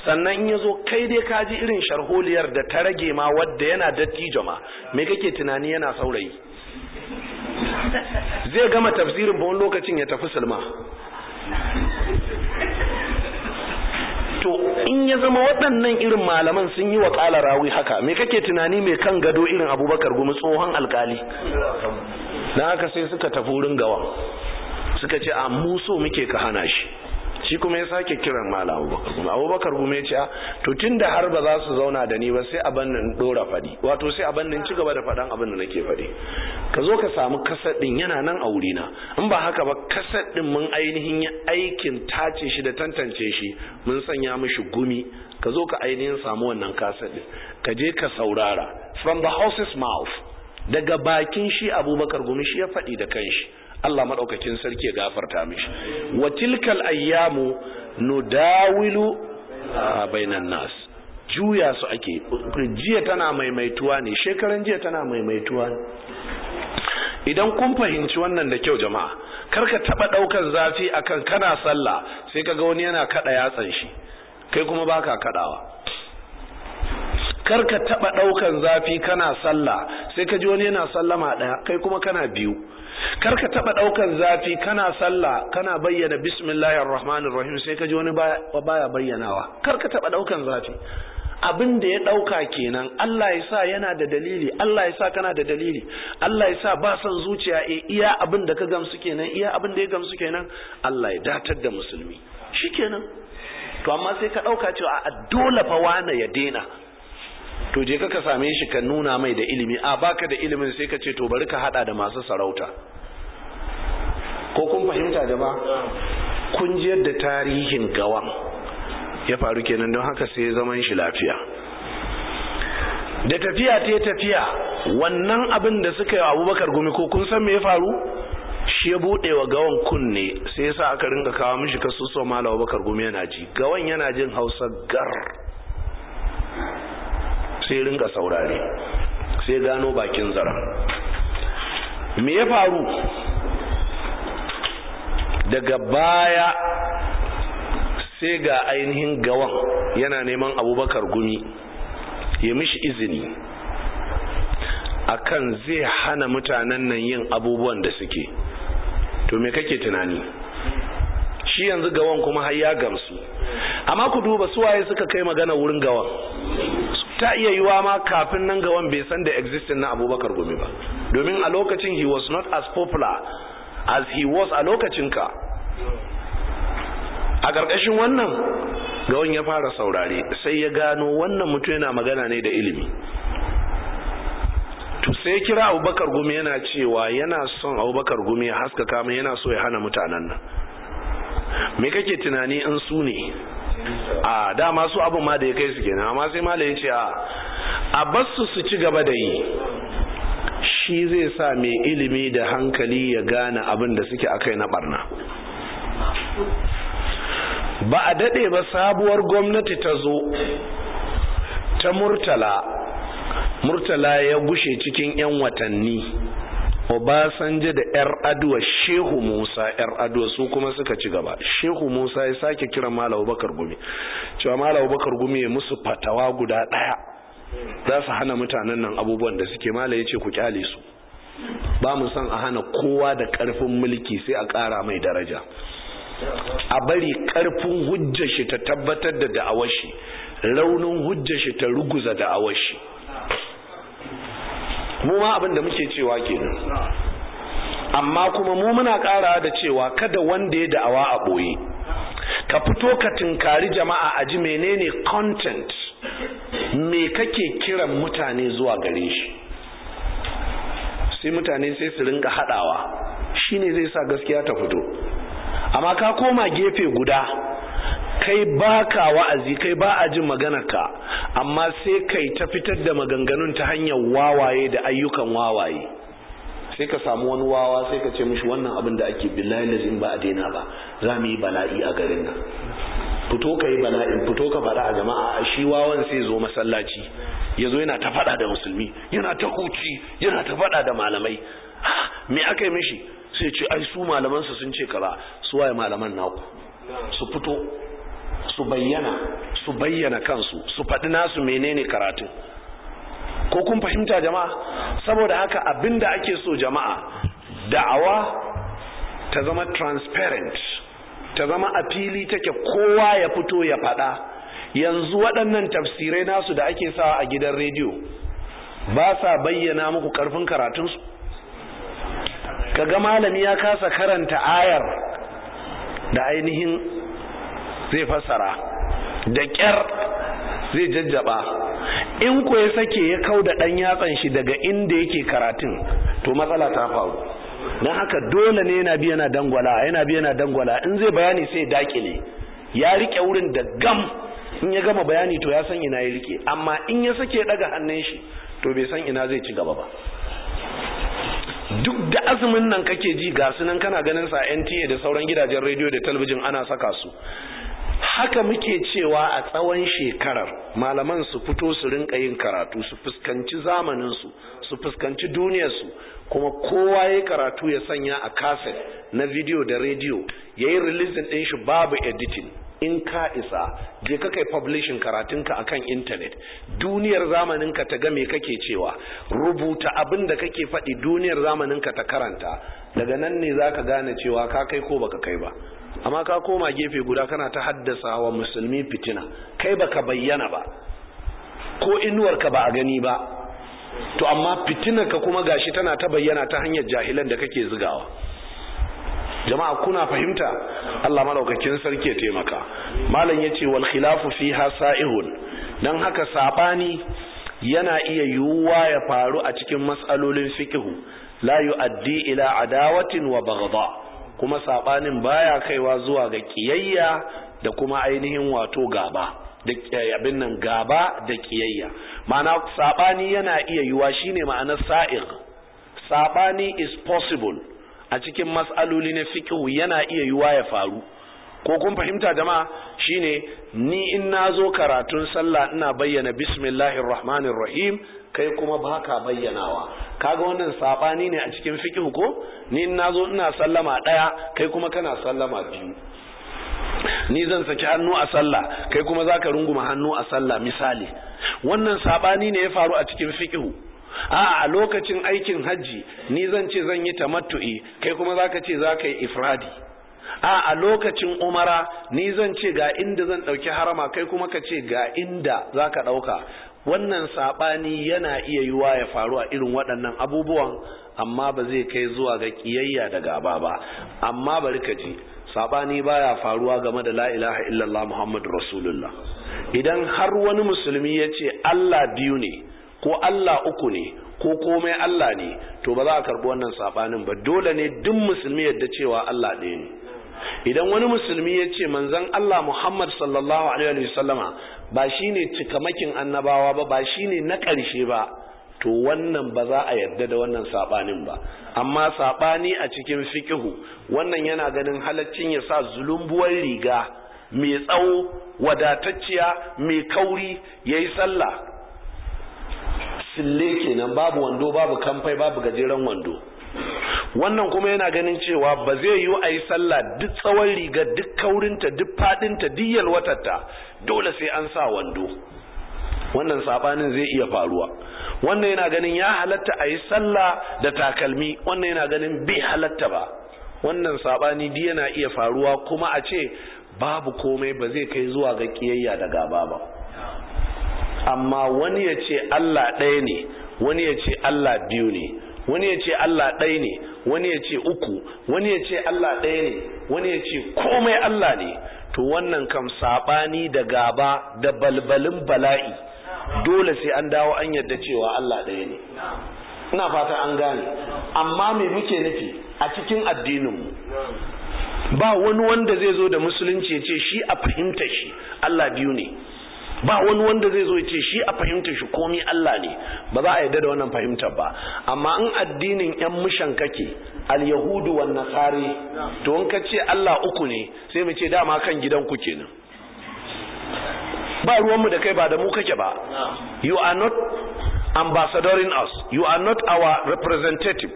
sannan in yazo kai dai ka ji irin sharholiyar da ta rage ma wadda yana dattijo ma me kake tunani yana saurayi zai gama tafsirin ba wani lokacin ya tafi sulma to in ya zama waɗannan irin malaman sun yi wa ƙala rawi haka me kake tunani mai kan gado irin abubakar gumi tsohon alkali na haka sai suka tafi wurin gawa suka ce a muso muke ka hana shi shi kuma ya sake kiran malam abubakar kuma abubakar kuma ya ce ah, to tun da har ba za su zauna da ni ba sai a nan dora faɗi wato sai a bannin ci gaba da faɗan abin da nake faɗi ka zo ka samu kasad ɗin yana nan a wurina in ba haka ba kasad ɗin mun ainihin aikin tace shi da tantance shi mun sanya mishi gumi ka zo ka ainihin samu wannan kasad ɗin ka je ka saurara from the house's mouth daga bakin shi abubakar gumi shi ya faɗi da kanshi Allah madaukakin sarki ya gafarta mishi wa tilkal ayyamu nudawilu bainan nas juya su ake jiya tana maimaituwa ne shekaran jiya tana maimaituwa idan kun fahimci wannan da kyau jama'a kar ka taba daukan zafi akan kana sallah sai kaga wani yana kada yatsan shi kai kuma baka kadawa ka taba daukan zafi kana sallah sai kaji wani yana sallama daya kai kuma kana biyu karka taba daukan zafi kana sallah kana bayyana bismillahir rahmanir rahim sai ka ji wani baya bayyanawa karka taba daukan zafi abin da ya dauka kenan Allah ya sa yana da dalili Allah ya sa kana da dalili Allah ya sa ba son zuciya e iya abin da ka gamsu kenan iya abin da ya gamsu kenan Allah ya datar da musulmi shikenan to amma sai ka dauka cewa a dole fa wani ya daina? to je ka same shi ka nuna mai da ilimi a baka da ilimin sai ka ce to bari ka hada da masu sarauta ko kun fahimta ba? kun ji yadda tarihin gawan ya faru kenan don haka sai zaman shi lafiya da tafiya ta tafiya wannan abin da suka yi abubakar gumi ko kun san me ya faru shi ya buɗe wa gawan kunne sai ya sa aka ringa kawo mishi kasu so mala abubakar gumi yana ji gawan yana jin hausa gar sai ringa saurare sai gano bakin zara me ya faru daga baya sai ga ainihin gawan yana neman abubakar gumi ya mishi izini akan zai hana mutanen nan yin abubuwan da suke to me kake tunani shi yanzu gawan kuma har ya gamsu amma ku duba su waye suka kai magana wurin gawan ta iya yiwa ma kafin nan gawan bai san da existing na abubakar gumi ba domin a lokacin he was not as popular as he was a lokacin ka a ƙarƙashin wannan gawan ya fara saurare sai ya gano wannan mutu yana magana ne da ilimi to sai kira abubakar gumi yana cewa yana son abubakar gumi ya haska mai yana so ya hana mutanen nan me kake tunani in su ne a dama su abin ma da ya kai su kenan amma sai malayin ce a a basu su ci gaba da yi shi zai sa mai ilimi da hankali ya gane abin da suke akai na barna ba a daɗe ba sabuwar gwamnati ta zo ta murtala murtala ya gushe cikin 'yan watanni Obasanjo da 'yar aduwa Shehu Musa 'yar aduwa su kuma suka ci gaba Shehu Musa ya sake kiran Malam Bakar Gumi cewa Malam Bakar Gumi ya musu fatawa guda ɗaya za su hana mutanen nan abubuwan da suke Malam ya ce ku kyale su ba mu san a hana kowa da ƙarfin mulki sai a ƙara mai daraja a bari ƙarfin hujjar shi ta tabbatar da da'awar shi raunin hujjar shi ta ruguza da'awar shi mu ma abin da muke cewa kenan amma kuma mu muna ƙara da cewa kada wanda ya da'awa a ɓoye ka fito ka tinkari jama'a a ji menene content me kake kiran mutane zuwa gare shi sai mutane sai su ringa haɗawa shine zai sa gaskiya ta fito amma ka koma gefe guda kai ba ka wa'azi kai ba a jin ka amma sai kai ta fitar da maganganun ta hanyar wawaye da ayyukan wawaye sai ka samu wani wawa sai ka ce mishi wannan abin da ake billahi lazim ba a daina ba za mu yi bala'i a garin nan fito ka yi bala'i fito ka faɗa a jama'a a shi wawan sai zo masallaci ya zo yana ta faɗa da musulmi yana ta kuci yana ta faɗa da malamai me aka yi mishi sai ce ai su su sun ce kaza su waye malaman naku su fito su bayyana su bayyana kansu su faɗi nasu menene karatu? ko kun fahimta jama'a saboda haka abinda ake so jama'a da'awa ta zama transparent ta zama a fili take kowa ya fito ya faɗa yanzu waɗannan tafsirai nasu da ake sawa a gidan rediyo ba sa bayyana muku ƙarfin karatunsu kaga malami ya kasa karanta ayar da ainihin zai fassara da kyar zai jajjaba in ku ya sake ya kau da ɗan yatsan shi daga inda yake karatun to matsala ta faru don haka dole ne yana biya na dangwala yana biya na dangwala in zai bayani sai dakile ya rike wurin da gam in ya gama bayani to ya san ina ya rike amma in ya sake daga hannun shi to bai san ina zai ci gaba ba duk da azumin nan kake ji ga nan kana ganin sa NTA da sauran gidajen rediyo da talabijin ana saka su haka muke cewa a tsawon shekarar malaman su fito su rinka yin karatu su fuskanci zamaninsu su fuskanci duniyarsu kuma kowa ya karatu ya sanya a kaset na bidiyo da rediyo ya yi rilisin ɗin shi babu editing in ka isa je ka kai publishing karatunka akan intanet duniyar zamaninka ta ga me kake cewa rubuta abin da kake faɗi duniyar zamaninka ta karanta daga nan ne za ka gane cewa ka kai ko baka kai ba amma ka koma gefe guda kana ta haddasa wa musulmi fitina kai baka bayyana ba ko inuwarka ba a gani ba to amma fitinarka kuma gashi tana ta bayyana ta hanyar jahilan da kake zigawa jama'a kuna fahimta Allah madaukakin sarki ya taimaka malam yace wal khilafu fiha sa'ihun dan haka sabani yana iya yiwuwa ya faru a cikin mas'alolin fiqhu la yu'addi ila adawatin wa baghdha kuma sabanin baya kaiwa zuwa ga kiyayya da kuma ainihin wato gaba da eh, abin nan gaba da kiyayya ma'ana sabani yana iya yuwa shine ma'anar sa'ir sabani is possible a cikin mas'aloli na fikihu yana iya yiwa ya faru ko kun fahimta jama'a shine ni in nazo karatun sallah ina bayyana bismillahir rahmanir rahim kai kuma baka bayyanawa kaga wannan sabani ne a cikin fikihu ko ni in nazo ina sallama daya kai kuma kana sallama biyu ni zan saki hannu a sallah kai kuma zaka runguma hannu a sallah misali wannan sabani ne ya faru a cikin fikihu a a lokacin aikin hajji ni zan ce zan yi tamattu'i kai kuma zaka ce zaka yi ifradi a a lokacin umara ni zan ce ga inda zan dauki harama kai kuma ka ce ga inda zaka dauka wannan sabani yana iya yiwuwa ya faru a irin waɗannan abubuwan amma ba zai kai zuwa ga kiyayya da gaba ba amma bari ka ji sabani baya faruwa game da la ilaha illallah Muhammadu rasulullah idan har wani musulmi ya ce allah biyu ne ko Allah uku ne ko komai Allah ne to ba za a karbi wannan sabanin ba dole ne duk musulmi yadda cewa Allah ɗaya ne idan wani musulmi ya ce manzon Allah Muhammad sallallahu alaihi wa sallama ba shine cikamakin annabawa ba ba shine na ƙarshe ba to wannan ba za a yarda da wannan sabanin ba amma sabani a cikin fikihu wannan yana ganin halaccin ya sa zulumbuwar riga mai tsawo wadatacciya mai kauri ya yi sallah sille kenan babu wando babu kamfai babu gajeren wando wannan kuma yana ganin cewa ba zai yi wa yi sallah duk tsawon riga duk kaurinta duk fadinta duk yalwatarta dole sai an sa wando wannan sabanin zai iya faruwa wannan yana ganin ya halatta a yi sallah da takalmi wannan yana ganin bai halatta ba wannan sabani duk yana iya faruwa kuma a ce babu komai ba zai kai zuwa ga kiyayya da gaba ba amma wani ya ce Allah ɗaya ne wani ya ce Allah biyu ne wani ya ce Allah ɗaya ne wani ya ce uku wani ya ce Allah ɗaya ne wani ya ce komai Allah ne to wannan kam saɓani da gaba da balbalin bala'i dole sai an dawo an yadda cewa Allah ɗaya ne ina fata an gane amma me muke nufi a cikin addininmu ba wani wanda zai zo da musulunci ya ce shi a fahimta shi Allah biyu ne ba wani wanda zai zo ya ce shi a fahimtar shi komi Allah ne ba za a yarda da wannan fahimtar ba amma in addinin yan mushan kake al-yahudu wan nasari to in ka ce Allah uku ne sai mu ce dama kan gidan ku kenan ba mu da kai ba da mu kake ba you are not ambassadoring us you are not our representative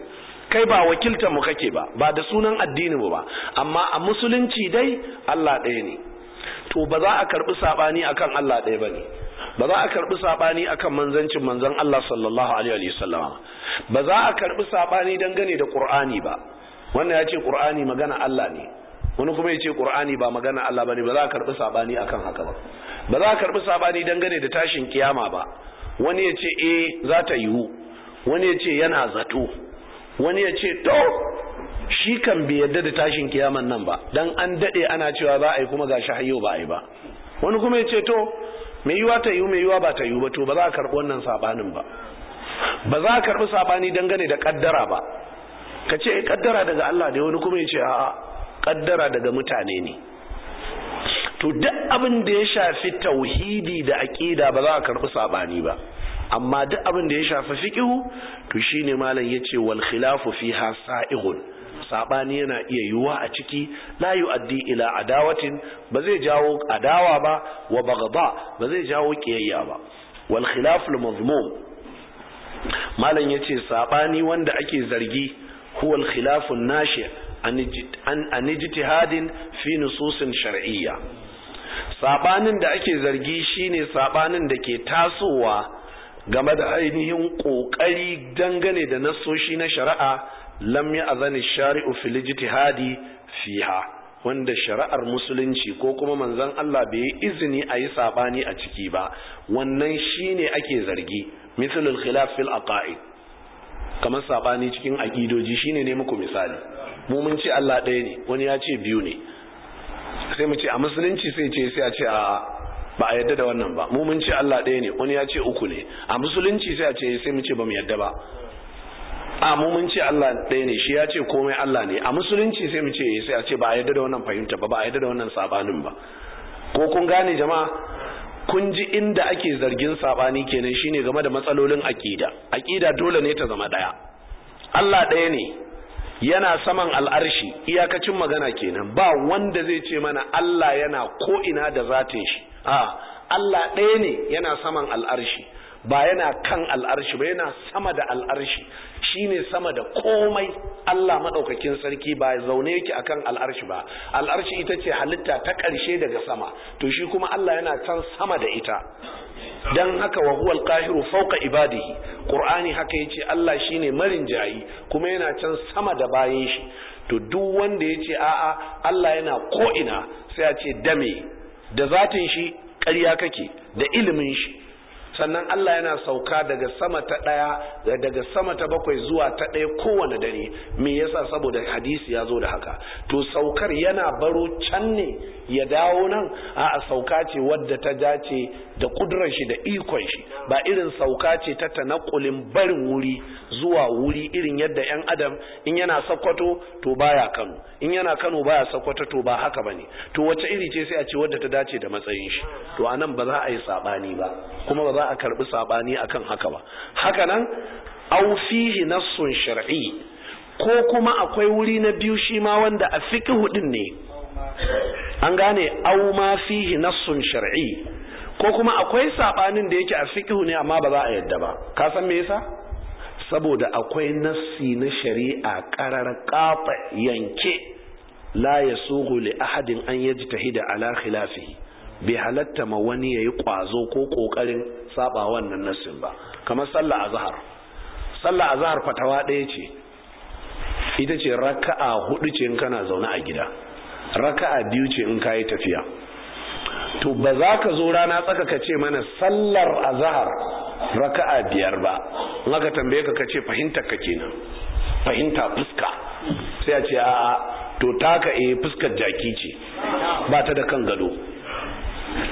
kai ba wakiltar mu kake ba ba da sunan addinin mu ba amma a musulunci dai Allah ɗaya ne to ba za a karbi sabani akan Allah ɗaya bane ba za a karbi sabani akan manzancin manzon Allah sallallahu alaihi wa sallam ba za a karbi sabani dangane da Qur'ani ba wannan ya ce Qur'ani magana Allah ne wani kuma ya ce Qur'ani ba magana Allah bane ba za a karbi sabani akan haka ba ba za a karbi sabani dangane da tashin kiyama ba wani ya ce eh za ta yiwu wani ya ce yana zato wani ya ce to shi kan bai yadda da tashin kiyaman nan ba dan an dade ana cewa za a yi kuma gashi shi yau ba a yi ba wani kuma ya ce to mai yiwa ta yiwu mai yiwa ba ta yiwu ba to ba za a karɓi wannan sabanin ba ba za a karɓi sabani dangane da kaddara ba ka ce kaddara eh, daga Allah da wani kuma ya ce a'a kaddara daga mutane ne to duk abin da ya shafi tauhidi da aqida ba za a karɓi sabani ba amma duk abin da ya shafi fiqhu to shine malam yace wal khilafu fiha sa'ihun sabani yana iya yiwuwa a ciki la yu'addi ila adawatin ba zai jawo adawa ba wa baghdha ba zai jawo kiyayya ba wal khilaf al mazmum malam yace sabani wanda ake zargi huwa al khilaf an nashi an ijtihadin fi nususin shar'iyya sabanin da ake zargi shine sabanin da ke tasowa game da ainihin kokari dangane da nasoshi na shari'a lam ya azani shari'u fil ijtihadi fiha wanda shari'ar musulunci ko kuma manzon Allah bai izini a yi sabani a ciki ba wannan shine ake zargi mithlul khilaf fil aqaid kamar sabani cikin aqidoji shine ne muku misali mu mun ce Allah ɗaya ne wani ya ce biyu ne sai mu ce a musulunci sai ce sai a ce a ba a yadda da wannan ba mu mun ce Allah ɗaya ne wani ya ce uku ne a musulunci sai a ce sai mu ce ba mu yadda ba a mu mun ce Allah ɗaya ne shi ya ce komai Allah ne a musulunci sai mu ce eh, sai a ce ba a yadda da wannan fahimta ba ba a yadda da wannan sabanin ba ko kun gane jama'a kun ji inda ake zargin sabani kenan shine game da matsalolin aqida aqida dole ne ta zama ɗaya. Allah ɗaya ne yana saman al'arshi iyakacin magana kenan ba wanda zai ce mana Allah yana ko ina da zatin shi a Allah ɗaya ne yana saman al'arshi ba yana kan al'arshi ba yana sama da al'arshi Shi ne sama da komai Allah maɗaukakin sarki ba zaune yake akan al'arshi ba al'arshi ita ce halitta ta ƙarshe daga sama to shi kuma Allah yana can sama da ita Don haka wa huwal qahiru fawqa ibadihi qur'ani haka yace Allah shine marinjayi kuma yana can sama da bayan shi to duk wanda yace a'a Allah yana ko'ina sai ya ce dame da zatin shi ƙarya kake da ilimin shi sannan Allah yana sauka daga sama ta ɗaya daga sama ta bakwai zuwa ta ɗaya kowane dare me yasa saboda hadisi ya zo da haka to saukar yana baro can ne ya dawo nan a sauka ce wadda ta dace da kudurar shi da ikon shi ba irin sauka ce ta tanakulin barin wuri zuwa wuri irin yadda yan adam in yana sakwato to baya kano in yana kano baya sakwato to ba haka bane to wace iri ce sai a ce wadda ta dace da matsayin shi to anan ba za a yi sabani ba kuma ba za za a karbi sabani akan haka ba haka nan aw fihi nassun shar'i ko kuma akwai wuri na biyu shi ma wanda a fiqhu din ne an gane aw ma fihi nassun shar'i ko kuma akwai sabanin da yake a fiqhu ne amma ba za a yadda ba ka san me yasa saboda akwai nassi na shari'a qarar kafa yanke la yasughu li ahadin an yajtahida ala khilafihi bai halatta ma wani ya yi ƙwazo ko kokarin saba wannan nassin ba kamar sallah azhar sallah azhar fatawa ɗaya ce ita ce raka'a hudu ce in kana zaune a gida raka'a biyu ce in kayi tafiya to ba za ka zo rana tsaka ka ce mana sallar azhar raka'a biyar ba in tambaye ka kace fahimtar ka kenan fahimta fuska sai a ce a'a to taka eh fuskar jaki ce ba ta da kan gado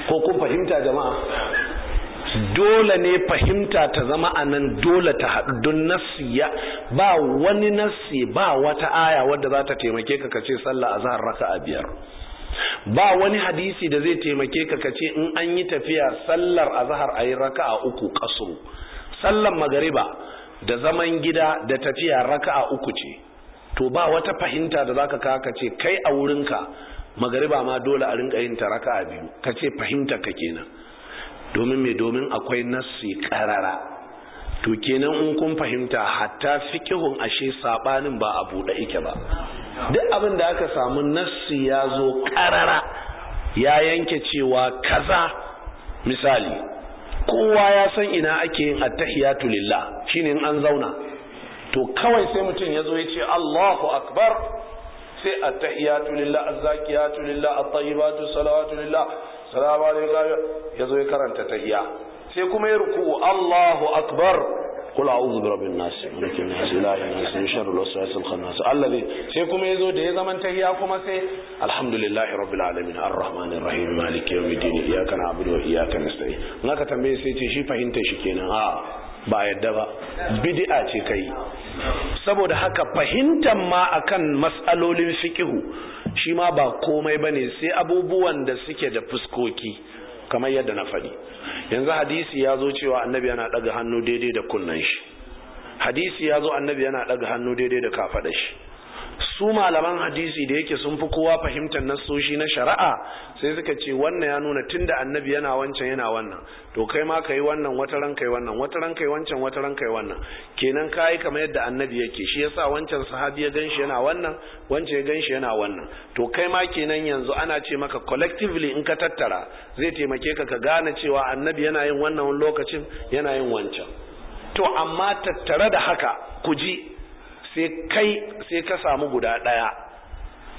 ko kun fahimta jama'a dole ne fahimta ta zama a nan dole ta haɗu don nassi ya ba wani nassi ba wata aya wadda za ta taimake ka kace sallah raka a biyar ba wani hadisi da zai taimake ka kace in an yi tafiya sallar a yi raka a uku kasru sallar magariba da zaman gida da tafiya raka a uku ce to ba wata fahimta da zaka kaka kace kai a wurinka magariba ma dole a rinka yin taraka a biyu ka ce fahimta ka kenan domin me domin akwai nassi karara to kenan in kun fahimta hatta fikihun ashe sabanin ba a buɗe ike ba duk abin da aka samu nassi ya zo karara ya yanke cewa kaza misali kowa ya san ina ake yin attahiyatu lillah shine in an zauna to kawai sai mutum ya zo ya ce Allahu akbar sai a tahiyatu lillah azzakiyatu lillah at-tayyibatu salawatu lillah salamu alayka yazo ya karanta tahiya sai kuma ya ruku Allahu akbar قل اعوذ برب الناس ملك الناس اله الناس من شر الوسواس الخناس الذي sai kuma yazo da ya zaman tahiya kuma sai alhamdulillahi rabbil alamin arrahmanir rahim maliki yawmiddin iyyaka na'budu wa iyyaka nasta'in naka tambaye sai ce shi fahimta shi kenan ha. ba yadda ba bid'a ce kai saboda haka fahimtar ma akan matsalolin fikihu shi ma ba komai bane sai abubuwan da suke da fuskoki kamar yadda na faɗi yanzu hadisi ya zo cewa annabi yana ɗaga hannu daidai da kunnen shi hadisi ya zo annabi yana ɗaga hannu daidai da kafaɗa shi su malaman hadisi da yake sun fi kowa fahimtar nasoshi na shari'a sai suka ce wannan ya nuna tunda annabi yana wancan yana wannan to kai ma kai wannan wata ran kai wannan wata ran kai wancan wata ran kai wannan kenan kai kamar yadda annabi yake shi yasa wancan sahabi ya ganshi yana wannan wancan ya ganshi yana wannan to kai ma kenan yanzu ana ce maka collectively in ka tattara zai taimake ka ka gane cewa annabi yana yin wannan lokacin yana yin wancan to amma tattare da haka ku ji sai kai sai ka samu guda ɗaya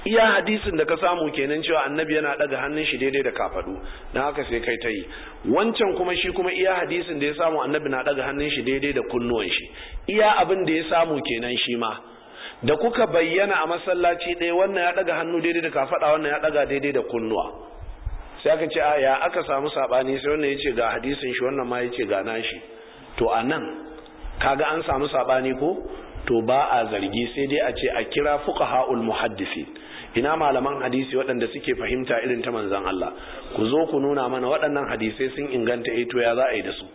iya hadisin da ka samu kenan cewa annabi yana daga hannun shi daidai da kafadu na haka sai kai ta yi wancan kuma shi kuma iya hadisin da ya samu annabi na daga hannun shi daidai da kunnuwan shi iya abin da ya samu kenan shi ma da kuka bayyana a masallaci ɗaya wannan ya daga hannu daidai da kafada wannan ya daga daidai da kunnuwa sai aka ce a ya aka samu sabani sai wannan ya ce ga hadisin shi wannan ma ya ce ga nashi to a nan kaga an samu sabani ko to ba a zargi sai dai a ce a kira fuka ha'ul muhaddisi ina malaman hadisi waɗanda suke fahimta irin ta manzan Allah ku zo ku nuna mana waɗannan hadisai sun inganta eh to ya za a yi da su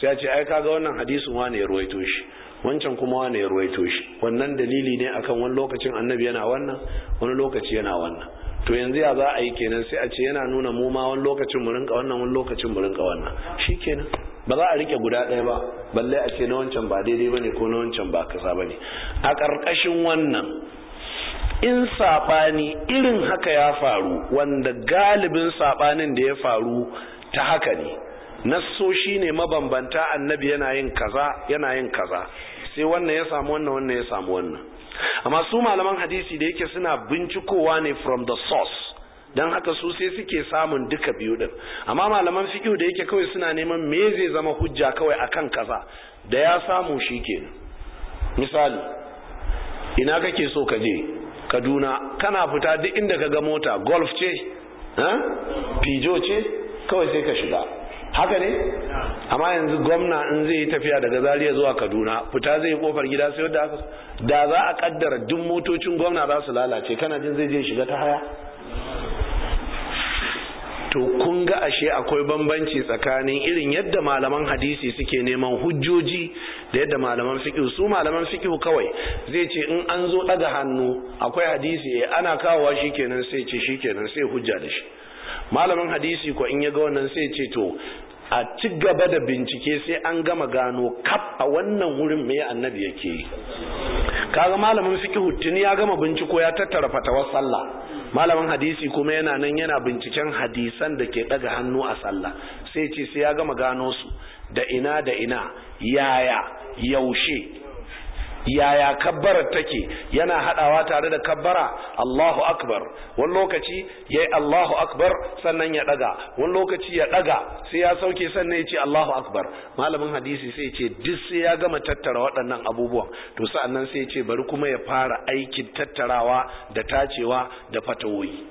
sai a ce ai kaga wannan hadisin wane ya ruwaito shi wancan kuma wane ya ruwaito shi wannan dalili ne akan wani lokacin annabi yana wannan wani lokaci yana wannan to yanzu ya za a yi kenan sai a ce yana nuna mu ma wani lokacin mu rinka wannan wani lokacin mu rinka wannan shikenan ba za a rike guda ɗaya ba balle a ce na wancan ba daidai ba ne ko na wancan ba kasa ba ne a ƙarƙashin wannan in saɓani irin haka ya faru wanda galibin saɓanin da ya faru ta haka ne nassoshi ne mabambanta annabi yana yin kaza yana kaza sai wannan ya samu wannan wannan ya samu wannan amma su malaman hadisi da yake suna bincikowa ne from the source don haka su sai suke samun duka biyu din amma malaman fiƙo da yake kawai suna neman me zai zama hujja kawai akan kasa da ya samu shi ke. misali ina kake so ka je Kaduna kana fita duk inda ka ga mota golf ce pijo ce kawai sai ka shiga haka ne amma yanzu gwamna in zai yi tafiya daga zariya zuwa kaduna fita zai yi kofar gida sai da za a kaddara duk motocin gwamna za su lalace kana jin zai je shiga ta haya to kun ga ashe akwai bambanci tsakanin irin yadda malaman hadisi suke neman hujjoji da yadda malaman fiqh su malaman fiqh kawai zai ce in an zo daga hannu akwai hadisi eh ana kawowa shikenan sai ce shikenan sai hujja da shi malamin hadisi ko in ya ga wannan sai ce to a ci gaba da bincike sai an gama gano kaf a wannan wurin me annabi yake yi kaga malamin fiqh tuni ya gama binciko ya tattara fatawar sallah malamin hadisi kuma yana nan yana binciken hadisan da ke daga hannu a sallah sai ce sai ya gama gano su da ina da ina yaya yaushe yaya kabbarar take yana hadawa tare da kabbara Allahu akbar wani lokaci yayi Allahu akbar sannan ya daga wani lokaci ya daga sai ya sauke sannan ya ce Allahu akbar malamin hadisi sai ya ce duk sai ya gama tattara waɗannan abubuwan to sa'annan sai ya ce bari kuma ya fara aikin tattarawa da tacewa da fatawoyi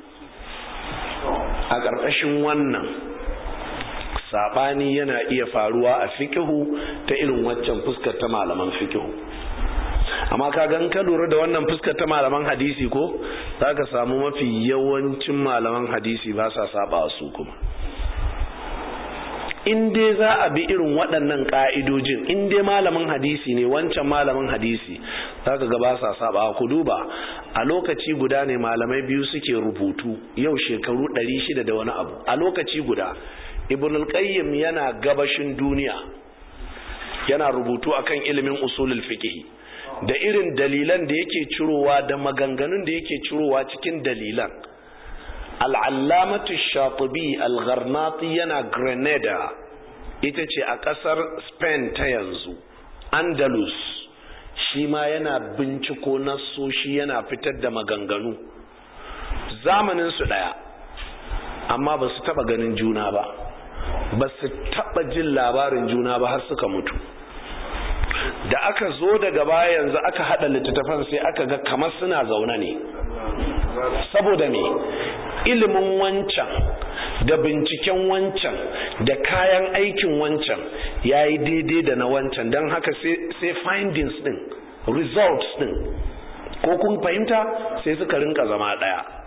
a ƙarƙashin wannan sabani yana iya faruwa a fikihu ta irin waccan fuskar ta malaman fikihu amma ka gan ka lura da wannan fuskar ta malaman hadisi ko za ka samu mafi yawancin malaman hadisi ba sa saba su kuma in dai za a bi irin waɗannan ƙa'idojin in dai malamin hadisi ne wancan malamin hadisi za ka gaba sa saba ku duba a lokaci guda ne malamai biyu suke rubutu yau shekaru 600 da wani abu a lokaci guda ibn al yana gabashin duniya yana rubutu akan ilimin usulul fiqh da irin dalilan da yake cirowa da maganganun da yake cirowa cikin dalilan al'allamatu shatubi al yana grenada ita ce a ƙasar spain ta yanzu andalus shi ma yana binciko na nasoshi yana fitar da maganganu Zamanin su ɗaya amma ba su taɓa ganin juna ba ba su taɓa jin labarin juna ba har suka mutu da aka zo daga baya yanzu aka hada littattafan sai aka ga kamar suna zaune ne saboda me ilimin wancan da binciken wancan da kayan aikin wancan ya yi daidai da na wancan don haka sai findings din results din ko kun fahimta sai suka rinka zama daya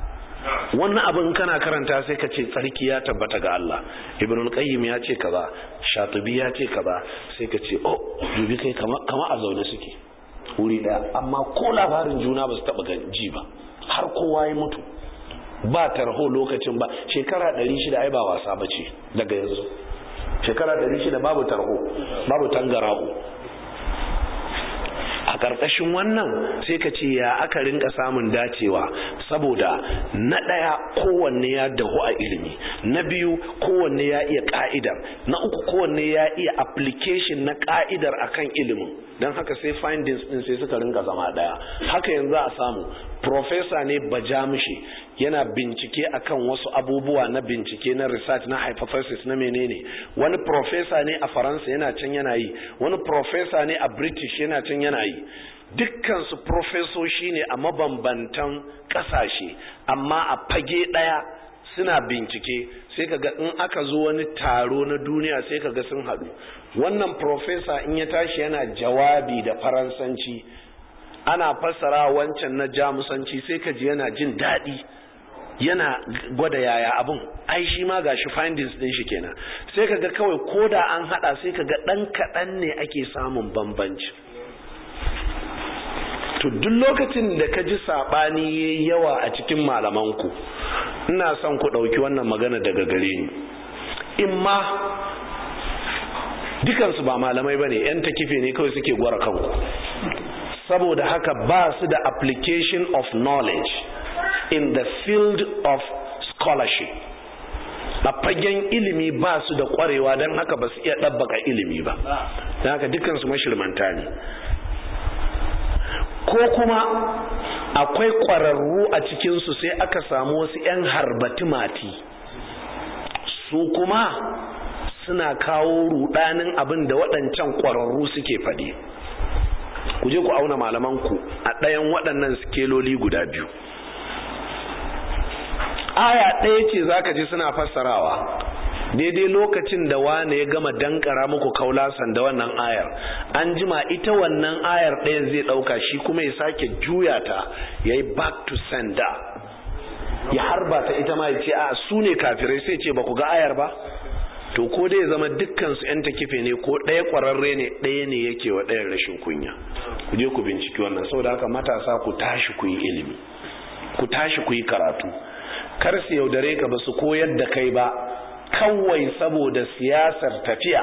wannan abin kana karanta sai ka ce tsarki ya tabbata ga Allah ibnul qayyim ya ce kaza shatibi ya ce kaza sai ka ce oh dubi kai kama kama a zaune suke wuri da amma ko labarin juna ba su taba ganji ba har kowa ya mutu ba tarho lokacin ba shekara 600 ai ba wasa bace daga yanzu shekara 600 babu tarho babu tangaraho ƙarƙashin wannan sai ka ce ya aka rinka samun dacewa saboda na ɗaya kowanne ya dahu a ilimi na biyu kowanne ya iya ƙa'idar na uku kowanne ya iya application na ƙa'idar akan ilimin don haka sai findings din sai suka ringa zama daya haka yanzu a samu professor ne bajamushi yana bincike akan wasu abubuwa na bincike na research na hypothesis na menene wani professor ne a faransa yana can yana yi wani professor ne a british yana can yana yi dukkansu shi ne a mabambantan kasashe amma a fage ɗaya suna bincike sai kaga in aka zo wani taro na duniya sai kaga sun haɗu wannan profesa in ya tashi yana jawabi da faransanci ana fassara wancan na jamusanci sai ka ji yana jin daɗi yana gwada yaya abin ai shi ma shi findings din shi kenan sai kaga kawai koda an haɗa sai kaga ɗan kaɗan ne ake samun bambanci to duk lokacin da ka ji sabani yayi yawa a cikin malaman ku ina son ku ɗauki wannan magana daga gare ni in ma dukansu ba malamai bane yan takife ne kawai suke gwara kanku saboda haka ba su da application of knowledge in the field of scholarship a fagen ilimi ba su da kwarewa don haka ba su iya ɗabbaka ilimi ba don haka dukansu mashirmanta ne ko kuma akwai kwararru a cikinsu sai aka samu wasu 'yan harbatimati su kuma suna kawo rudanin abin da waɗancan ƙwararru suke faɗi ku je ku auna malamanku a ɗayan waɗannan skeloli guda biyu aya ɗaya ce za ka ji suna fassarawa daidai lokacin da wane ya gama dankara muku kaulasan sanda wannan ayar an jima ita wannan ayar ɗaya zai ɗauka shi kuma ya sake juya ta ya yi back to sender ya harba ta ita ma ya ce a su ne kafirai sai ce ba ku ga ayar ba to ko dai zama dukkan su yan takife ne ko ɗaya ƙwararre ne ɗaya ne yake wa ɗayan rashin kunya ku je ku binciki wannan saboda haka matasa ku tashi ku yi ilimi ku tashi ku yi karatu kar su yaudare ka ba su koyar da kai ba kawai saboda siyasar tafiya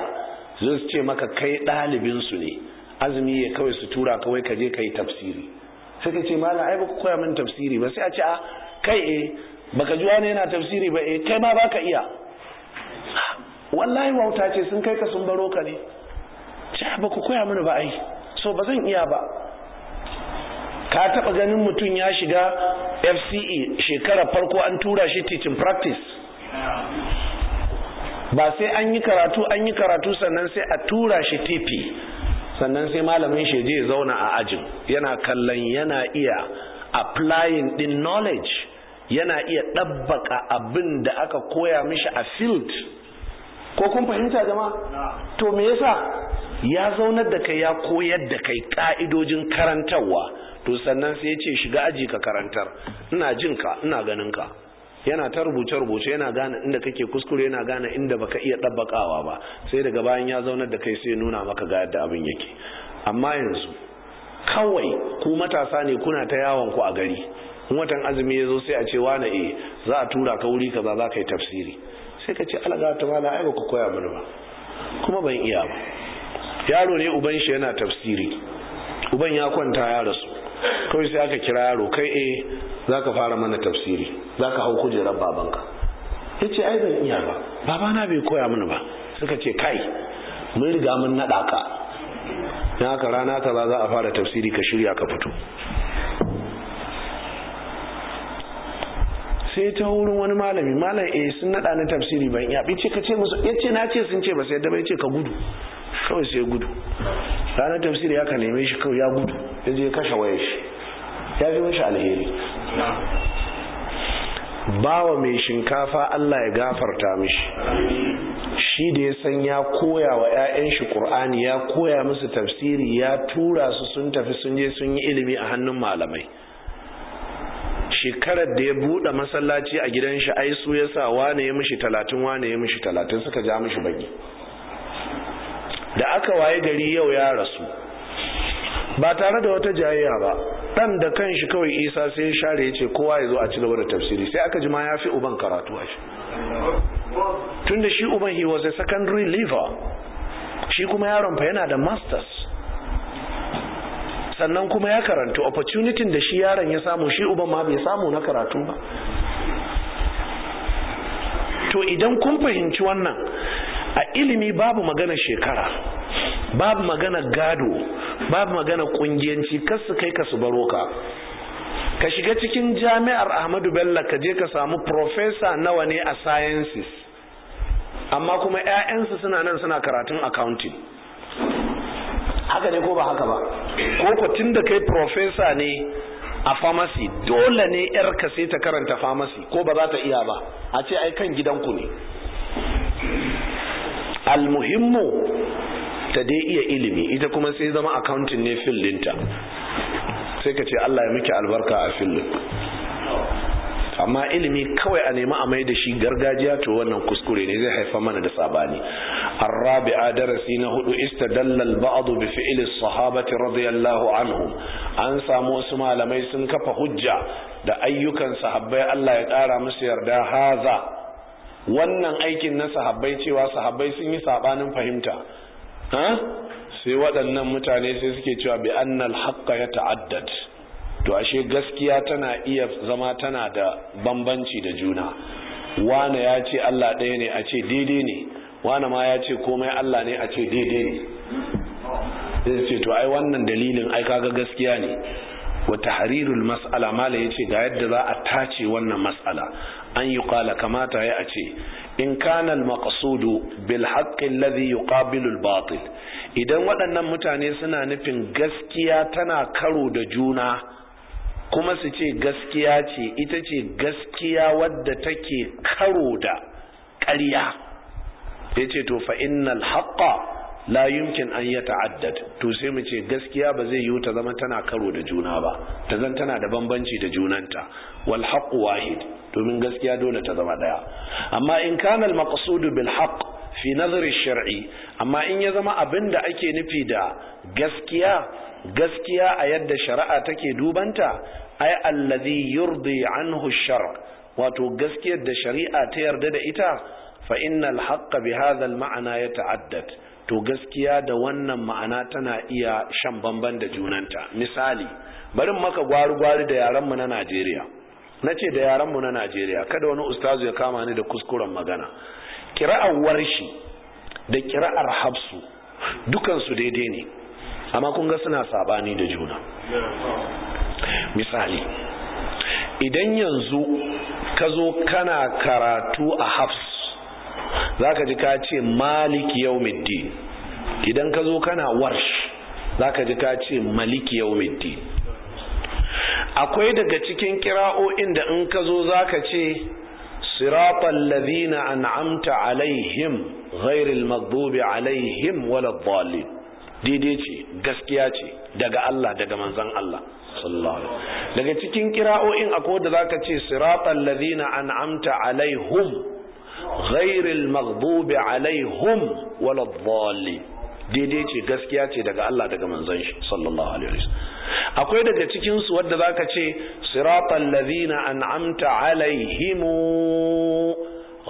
zai su ce maka kai ɗalibinsu ne azumi ya kawai su tura kawai ka je ka yi tafsiri sai ka ce malam ai baka koya min tafsiri ba sai a ce a ah, kai eh baka ji wani yana tafsiri ba eh kai ma baka iya wallahi wauta ce sun kai ka sun baro ka ne ci ba ku koya mana ba ai so ba zan iya ba ka taba ganin mutum ya shiga FCE shekara farko an tura shi teaching practice ba sai an yi karatu an yi karatu sannan sai a tura shi TP sannan sai malamin shi je zauna a ajin yana kallon yana iya applying din knowledge yana iya ɗabbaka abin da aka koya mishi a field ko kun fahimta jama to me yasa ya zaunar da kai ya koyar da kai ka'idojin karantarwa to sannan sai ya ce shiga aji ka karantar ina jin ka ina ganin ka yana ta rubuce-rubuce yana gane inda kake kuskure yana gane inda baka iya ɗabbakawa ba sai daga bayan ya zaunar da kai sai nuna maka ga yadda abin yake amma yanzu kawai ku matasa ne kuna ta yawon ku a gari watan azumi ya zo sai a ce wane eh, za a tura ka wuri kaza za ka yi tafsiri sai ka ce alaga ta na ai baka koya mana ba kuma ban iya ba yaro ne uban shi yana tafsiri uban ya kwanta ya rasu kawai sai aka kira yaro kai eh zaka fara mana tafsiri zaka hau kujerar babanka yace ai ban iya ba babana bai koya mana ba suka ce kai mun riga mun nada ka dan haka rana kaza za a fara tafsiri ka shirya ka fito sai ta wurin wani malami malam eh sun naɗa na tafsiri ban iya ce ka ce musu Ya ce na ce sun ce ba sai da bai ce ka gudu kawai sai gudu ranar tafsiri ya ka neme shi kawai ya gudu ya je kashe waye shi ya fi mashi alheri bawa mai shinkafa Allah ya gafarta mishi shi da ya san ya koya wa 'ya'yan shi Qur'ani ya koya musu tafsiri ya tura su sun tafi sun je sun yi ilimi a hannun malamai shekarar da ya buɗe masallaci a gidan shi ai su ya sa wane ya mishi talatin wane ya mishi talatin suka ja mishi baki da aka waye gari yau ya rasu ba tare da wata jayayya ba dan da kanshi kawai isa sai ya share ya ce kowa ya zo a ci gaba da tafsiri sai aka ji ma ya fi uban karatu a shi tun shi uban he was a secondary liver shi kuma yaron fa yana da masters sannan kuma ya karantu opportunity da shi yaron ya samu shi uban ma bai samu na karatu ba to idan kun fahimci wannan a ilimi babu magana shekara babu magana gado babu magana kungiyanci kasu kai ka su baro ka ka shiga cikin jami'ar ahmadu bello ka je ka samu profesa nawa ne a sciences amma kuma 'ya'yansu suna nan suna karatun accounting haka ne ko ba haka ba ko ko tunda kai profesa ne a famasi dole ne yarka sai ta karanta famasi ko ba za ta iya ba a ce ai kan gidanku ne almuhimmu ta dai iya ilimi ita kuma sai zama accounting ne fillinta sai ka ce Allah ya miki albarka a fillin amma ilimi kawai a nemi a mai da shi gargajiya to wannan kuskure ne zai haifa mana da sabani الرابعة درسين هدو استدل البعض بفعل الصحابة رضي الله عنهم أنسى malamai sun kafa hujja da ayyukan sahabbai Allah ya ƙara musu yarda haza wannan aikin na sahabbai cewa sahabbai sun yi sabanin fahimta ha sai waɗannan mutane sai suke cewa bi annal haqqa ya ta'addad to ashe gaskiya tana iya zama tana da bambanci da juna wane ya ce Allah ɗaya ne a ce daidai ne wani ma ya ce komai Allah ne a ce daidai ne zai ce to ai wannan dalilin ai kaga gaskiya ne wa tahrirul mas'ala mala yace ga yadda za a tace wannan mas'ala an yi qala kamata ya ce in kana al maqsudu bil haqqi alladhi yuqabilu al batil idan waɗannan mutane suna nufin gaskiya tana karo da juna kuma su ce gaskiya ce ita ce gaskiya wadda take karo da ƙarya Ya ce to fa innal haqqa la yumkin an yata'addad to sai mu ce gaskiya ba zai yiwu ta zama tana karo da juna ba ta zan tana da bambanci da junanta wal haqqu wahid domin gaskiya dole ta zama daya amma in kana al maqsudu bil haqq fi nazari shar'i amma in ya zama abin da ake nufi da gaskiya gaskiya a yadda shari'a take dubanta ai allazi yurdi anhu shar wato gaskiyar da shari'a ta yarda da ita fa innal haqqa bi hadha al ma'ana yata'addad to gaskiya da wannan ma'ana tana iya shan bamban da junanta misali barin maka gwari-gwari da yaran mu na Najeriya nace da yaran mu na Najeriya kada wani ustazu ya kama ni da kuskuren magana kira'ar warshi da kira'ar habsu dukansu daidai ne amma kun ga suna sabani da juna misali idan yanzu ka zo kana karatu a hafs zaka ji ka ce malik yawmiddin idan ka zo kana warsh zaka ji ka ce malik yawmiddin akwai daga cikin kira'o'in da in ka zo zaka ce siratal ladina an'amta alaihim ghairil maghdubi alaihim waladdallin daidai ce gaskiya ce daga Allah daga manzon Allah daga cikin kira'o'in akwai da zaka ce siratal ladina an'amta alaihim ghairil maghdubi alaihim wala dhalin daidai ce gaskiya ce daga Allah daga manzon shi sallallahu alaihi wasallam akwai daga cikin su wanda zaka ce siratal ladina an'amta alaihim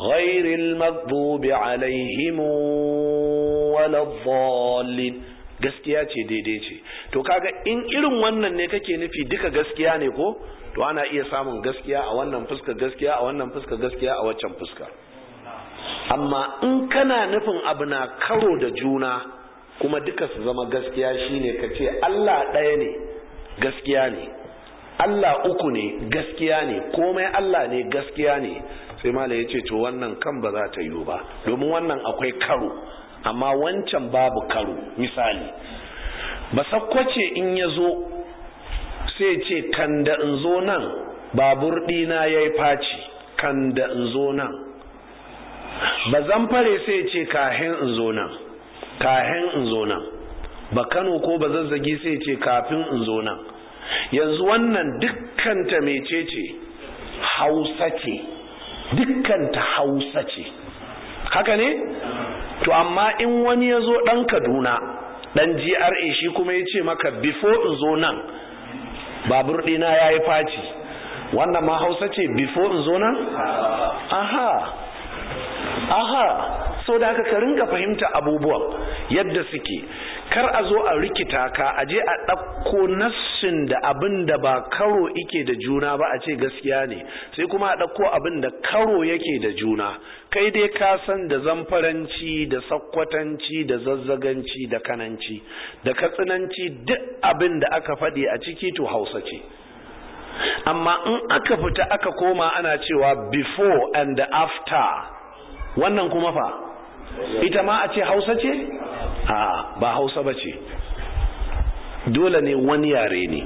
ghairil maghdubi alaihim wala dhalin gaskiya ce daidai ce to kaga in irin wannan ne kake nufi duka gaskiya ne ko to ana iya samun gaskiya a wannan fuska gaskiya a wannan fuska gaskiya a waccan fuska amma in kana nufin abu na karo da juna kuma duka su zama gaskiya shine ka ce Allah ɗaya ne gaskiya ne Allah uku ne gaskiya ne komai Allah ne gaskiya ne sai mala ya ce to wannan kan ba za ta yiwu ba domin wannan akwai karo amma wancan babu karo misali ba ce in ya zo sai ce kanda da in zo nan babur ɗina ya yi faci kanda in zo nan ba zan fare sai ce kahin in zo nan kahin in zo nan ba kano ko ba zazzagi sai ce kafin in zo nan yanzu wannan dukkanta mecece hausa ce dukkanta hausa ce haka ne to amma in wani ya zo ɗan kaduna ɗan gra shi kuma ya ce maka before in zo nan babur ɗina ya yi faci wannan ma hausa ce before in zo nan aha aha so da haka ka rinka fahimta abubuwan yadda suke kar a zo a rikita ka a je a ɗauko nassin da abin da ba karo ike da juna ba a ce gaskiya ne sai kuma a ɗauko abin da karo yake da juna kai dai ka san da zamfaranci da sakkwatanci da zazzaganci da kananci da katsinanci duk abin da aka faɗi a ciki to hausa ce amma in aka fita aka koma ana cewa before and after wannan kuma fa ita ma a ce hausa ce a ba hausa ba ce dole ne wani yare ne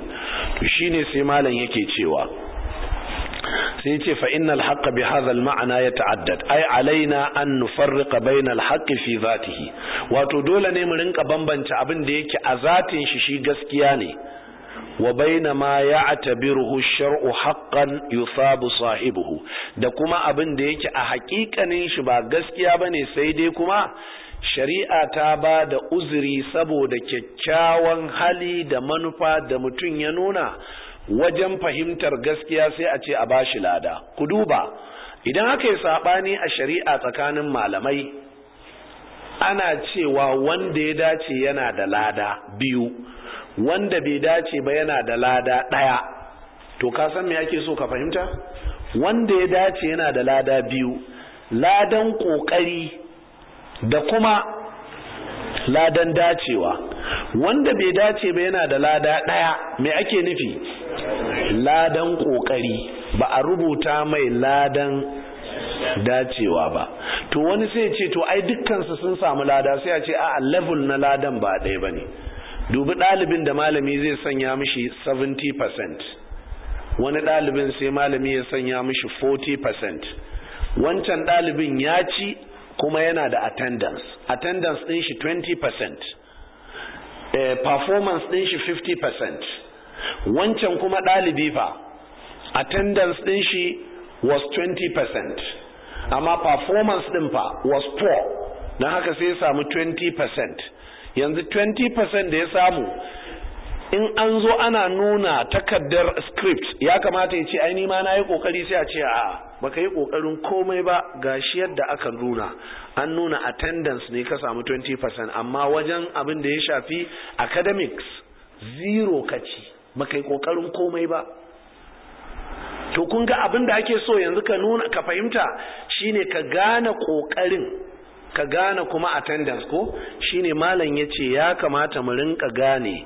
to ne sai malam yake cewa sai ce fa innal haqqa bi hadha ma'ana ya yata'addad ai alaina an nufarriqa bayna al fi zatihi wato dole ne mu rinka bambanta abin da yake a zatin shi shi gaskiya ne wa baina ma ya'tabiruhu shar'u haqqan yusabu sahibuhu da kuma abin da yake a haƙiƙanin shi ba gaskiya bane sai dai kuma shari'a ta ba da uzuri saboda kyakkyawan hali da manufa da mutum ya nuna wajen fahimtar gaskiya sai a ce a bashi lada ku duba idan aka yi saɓani a shari'a tsakanin malamai ana cewa wanda ya dace yana da lada biyu wanda bai dace ba yana da lada ɗaya to ka san me ake so ka fahimta wanda ya dace yana da lada biyu ladan ƙoƙari da kuma ladan dacewa wanda bai dace ba yana da lada ɗaya me ake nufi ladan ƙoƙari ba a rubuta mai ladan dacewa ba to wani sai ce to ai dukkansu sun samu lada sai a ce a level na ladan ba ɗaya ba ne dubi ɗalibin da malami zai sanya mishi 70% wani ɗalibin sai malami ya sanya mishi 40% wancan ɗalibin ya ci kuma yana da attendance attendance ɗin shi 20% eh, performance ɗin shi 50% wancan kuma ɗalibi fa attendance ɗin shi was 20% amma performance ɗin fa was poor don haka sai ya samu 20% yanzu 20% da ya samu in an zo ana nuna takardar script ya kamata ya ce ai ma na yi kokari sai a ce a baka yi kokarin komai ba gashi yadda aka nuna an nuna attendance ne ka samu 20% amma wajen abin da ya shafi academics zero kaci baka yi kokarin komai ba to kun ga abin da ake so yanzu ka nuna ka fahimta shine ka gane kokarin ka gane kuma attendance ko shine malam yace ya kamata mu rinka gane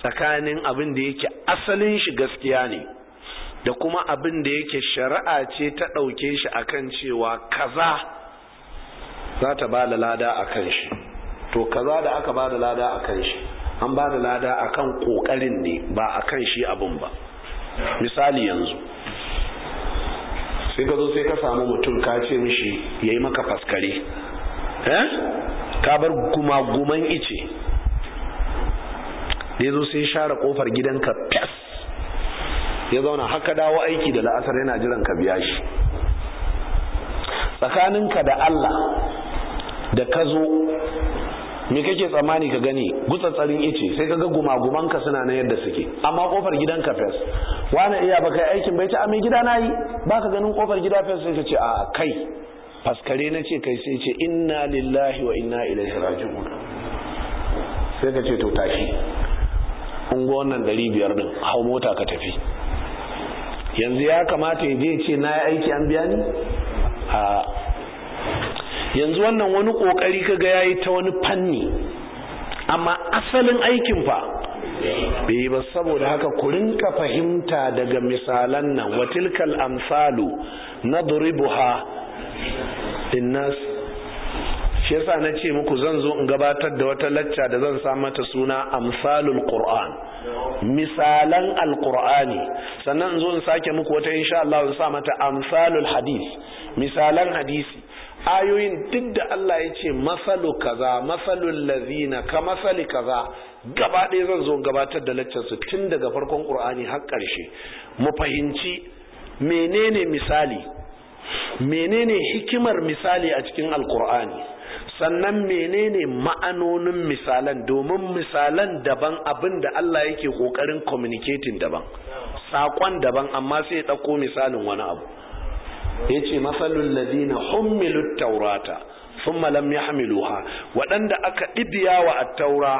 tsakanin abin da yake asalin shi gaskiya ne da kuma abin da yake shari'a ce ta ɗauke shi akan cewa kaza za ta ba da lada a kan shi to kaza da aka ba da lada a kan shi an ba da lada a kan ƙoƙarin ne ba a kan shi abin ba misali yanzu sai ka zo sai ka samu mutum ka ce mishi ya yi maka faskare Eh? ka bar kuma guman ice da ya zo sai share kofar gidanka fes ya zauna haka dawo aiki da la'asar yana jiran ka biya shi tsakaninka da Allah da ka zo me kake tsammani ka gani tsarin ice sai ka ga gumagumanka suna na yadda suke amma kofar gidanka fes wani iya baka aikin bai ta a gida na yi baka ganin kofar gida fes sai ka ce a kai faskare na ce kai sai ce inna lillahi wa inna ilaihi raji'un sai ka ce to tashi ungo wannan dari biyar din hau mota ka tafi yanzu ya kamata ya je ce na yi aiki an biya ni a yanzu wannan wani kokari kaga yayi ta wani fanni amma asalin aikin fa bai ba saboda haka ku ka fahimta daga misalan nan watilkal amsalu ha linnas shi yasa na ce muku zan zo in gabatar da wata lacca da zan sa mata suna amsalul qur'an misalan alqur'ani sannan in zo in sake muku wata insha Allah zan sa mata amsalul hadis misalan hadisi ayoyin duk da Allah ya ce masalu kaza masalul lazina ka masali kaza gaba ɗaya zan zo gabatar da laccar su tun daga farkon qur'ani har ƙarshe mu fahimci menene misali menene hikimar misali a cikin alkur'ani sannan menene ma'anonin misalan domin misalan daban abin Allah yake kokarin communicating daban saƙon daban amma sai ya ɗauko misalin wani abu ya ce matsalin ladina hummilu taurata sun malam ya waɗanda aka ɗibiya wa a taura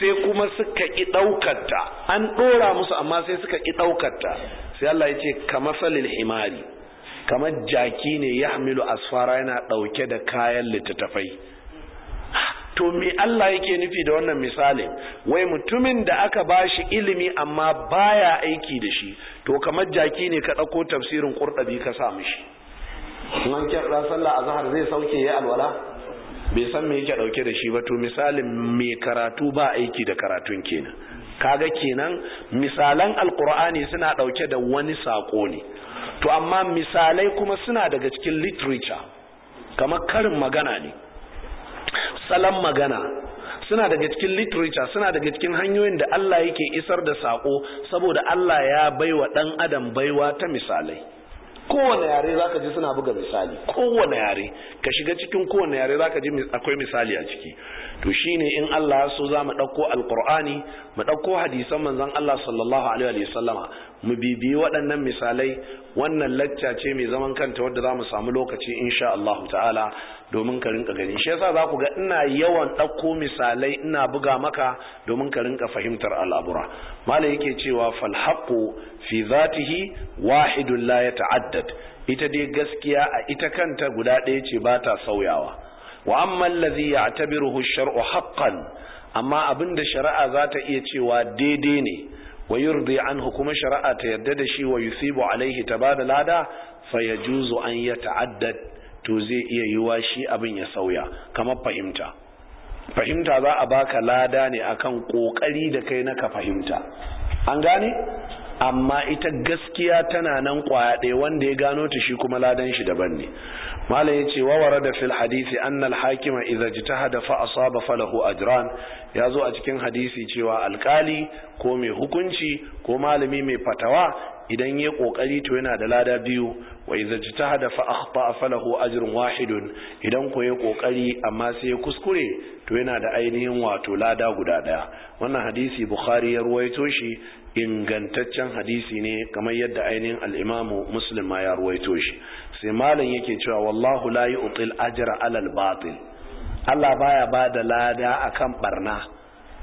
sai kuma suka ƙi ɗaukarta an ɗora musu amma sai suka ƙi ɗaukarta sai Allah ya ce kama salil himari kama jaki ne ya hamilu asfara yana ɗauke da kayan littattafai to me Allah yake nufi da wannan misali wai mutumin da aka bashi ilimi amma baya aiki da shi to kama jaki ne ka ɗauko tafsirin ƙurɗabi ka sa mishi nan kira sallah zahar zai sauke ya alwala bai san me yake ɗauke da shi ba to misalin me karatu ba aiki da karatun kenan kaga kenan misalan alkur'ani suna ɗauke da wani saƙo ne to amma misalai kuma suna daga cikin literature kamar karin magana ne salon magana suna daga cikin literature suna daga cikin hanyoyin da Allah yake isar da saƙo saboda Allah ya baiwa ɗan adam baiwa ta misalai kowane yare zaka ji suna buga misali kowane yare ka shiga cikin kowane yare zaka ji akwai misali a ciki to shine in Allah so za mu ɗauko alqur'ani mu ɗauko hadisan manzon Allah sallallahu alaihi wa mu bibiyi waɗannan misalai wannan lacca ce mai zaman kanta wadda za mu samu lokaci insha Allah ta'ala domin ka rinka gani shi yasa za ku ga ina yawan ɗauko misalai ina buga maka domin ka rinka fahimtar al'abura malai yake cewa falhaqu fi zatihi wahidun la ta'addad ita dai gaskiya a ita kanta guda ɗaya ce ba ta sauyawa wa amma allazi ya'tabiruhu shar'u haqqan amma abin da shari'a za ta iya cewa daidai ne wa yurdi an kuma shari'a ta yarda da shi wa yusibu alaihi ta da lada fa juzu an ya ta'addad? to zai iya yiwa shi abin ya sauya kamar fahimta fahimta za a baka lada ne akan kokari da kai na ka fahimta an gane amma ita gaskiya tana nan kwaya ɗaya wanda ya gano ta shi kuma ladan shi daban ne malam ya ce wawara da fil hadisi annal hakima idza hada fa asaba falahu ajran ya zo a cikin hadisi cewa alkali ko mai hukunci ko malami mai fatawa idan ya kokari to yana da lada biyu wa idza hada fa akhta falahu ajrun wahidun idan ko ya kokari amma sai ya kuskure to yana da ainihin wato lada guda daya wannan hadisi bukhari ya ruwaito shi ingantaccen hadisi ne kamar yadda ainihin al'imamu muslim ma ya ruwaito shi sai malam yake cewa wallahu la yu'til ajra alal batil Allah baya ba da lada akan barna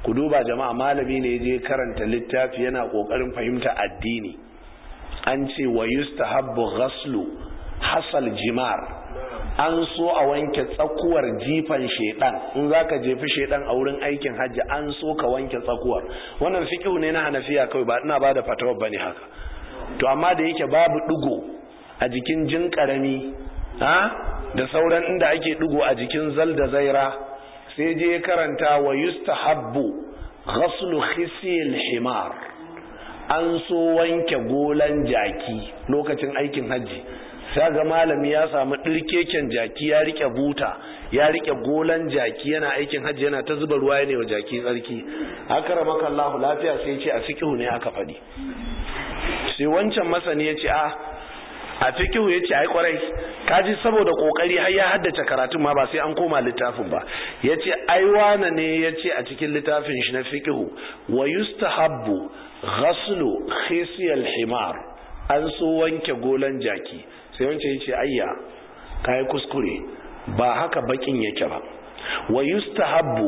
ku duba jama'a malami ne je karanta littafi yana kokarin fahimta addini an ce wa yustahabbu ghaslu hasal jimar an so a wanke tsakuwar jifan shedan in za ka jefi shedan a wurin aikin hajji an so ka wanke tsakuwar wannan fiqhu ne na hanafiya kawai ba ina bada fatawa bane haka to amma da yake babu dugo a jikin jin karami da sauran inda ake dugo a jikin zal da zaira sai je karanta wa yustahabbu ghaslu khisil himar an so wanke golan jaki lokacin aikin hajji sai ga malami ya samu ɗirkeken jaki ya rike buta ya rike golan jaki yana aikin hajji yana ta zuba ruwa ya ne wa jaki tsarki haka ramaka Allahu lafiya sai ce a fikihu ne aka faɗi sai wancan masani ya ce a a fikihu ya ce ai kwarai kaji saboda kokari har ya haddace karatun ma ba sai an koma littafin ba ya ce ai wane ne ya ce a cikin littafin shi na fikihu wa yustahabbu ghaslu khisiyal himar an so wanke golan jaki sai wancan yace ayya kai kuskure ba haka bakin yake ba wa yustahabbu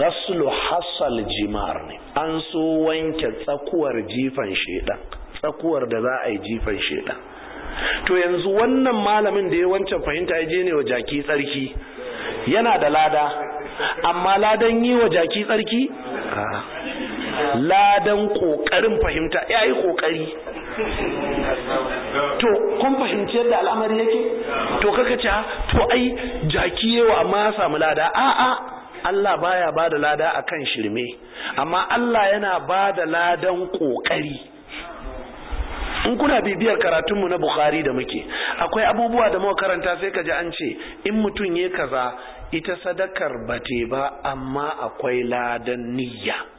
ghaslu hasal jimar ne an so wanke tsakuwar jifan shedan tsakuwar da za a yi jifan shedan to yanzu wannan malamin da ya wancan fahimta ya je ne wa jaki tsarki yana da lada amma ladan yi wa jaki tsarki ladan kokarin fahimta ya yi kokari to kun fahimci yadda al'amari yake to kaka ce ah, to ai jaki yawa amma ya samu lada a'a Allah baya bada lada a kan shirme amma Allah yana ba da ladan ƙoƙari in kuna bibiyar karatunmu na Bukhari da muke akwai abubuwa da muka karanta sai ka ji an ce in mutum ya kaza ita sadakar bate ba amma akwai ladan niyya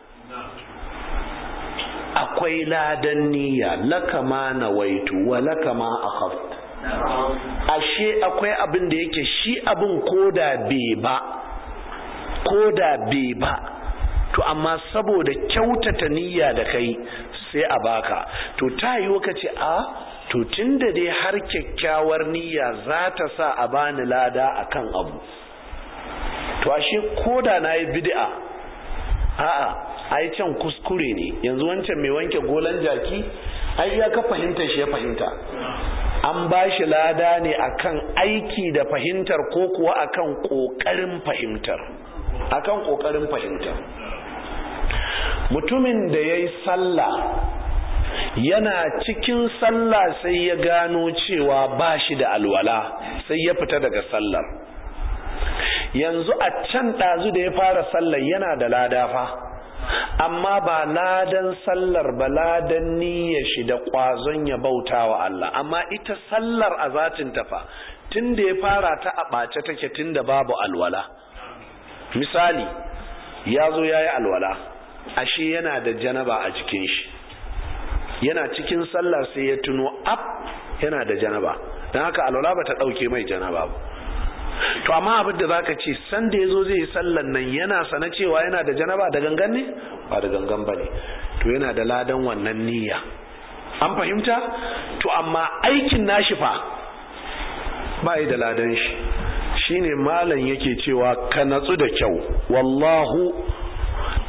akwai ladan niyya laka ma nawaitu wa laka ma akhaf ashe akwai abin da yake shi abin koda be ba koda be ba to amma saboda kyautata niyya da kai sai a baka to ta yi ka ce a ah, to tunda dai har kyakkyawar niyya za ta sa a bani lada akan abu to ashe koda na yi bid'a a'a ai can kuskure ne yanzu wancan mai wanke golan jaki ai ya ka fahimta shi ya fahimta an ba shi lada ne akan aiki da fahimtar ko kuwa akan kokarin fahimtar akan kokarin fahimtar mutumin da ya yi sallah yana cikin sallah sai ya gano cewa ba shi da alwala sai ya fita daga sallar yanzu a can ɗazu da ya fara sallar yana da lada fa amma ba ladan sallar ba ladan niyya shi da ƙwazon ya bauta wa Allah amma ita sallar a zatin tafa tun da ya fara ta a ɓace take tun da babu alwala misali ya zo ya yi alwala ashe yana da janaba a jikin shi yana cikin sallar sai ya tuno ab yana da janaba don haka alwala ba ta ɗauke mai janaba ba to amma abin da zaka ce san da yazo zai yi sallan nan yana sana cewa yana da janaba da gangan ne ba da gangan bane to yana da ladan wannan niyya an fahimta to amma aikin nashi fa ba yi da ladan shi shine malam yake cewa ka natsu da kyau wallahu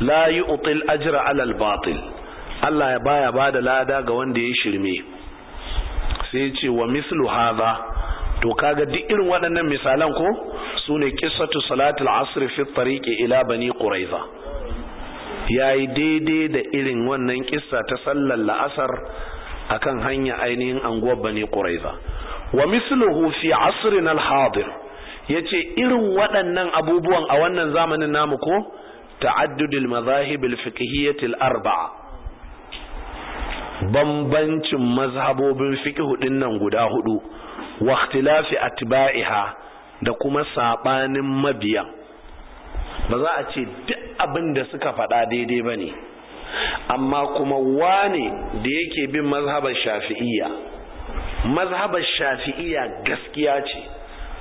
la yu'til ajra alal batil Allah ya baya bada lada ga wanda ya shirme sai ya ce wa mislu hadha to kaga duk irin waɗannan misalan ko su ne kisatu salatul asr fi tariqi ila bani quraiza yayi daidai da irin wannan kissa ta sallar la'asar akan hanya ainihin anguwar bani quraiza wa misluhu fi asrina al-hadir yace irin waɗannan abubuwan a wannan zamanin namu ko ta'addudul madhahib al-fiqhiyyah al-arba'a bambancin mazhabobin fiqh nan guda hudu wa ikhtilafi da kuma sabanin mabiya ba za a ce duk abin da suka faɗa daidai ba ne amma kuma wane da yake bin mazhabar shafi'iyya mazhabar shafi'iyya gaskiya ce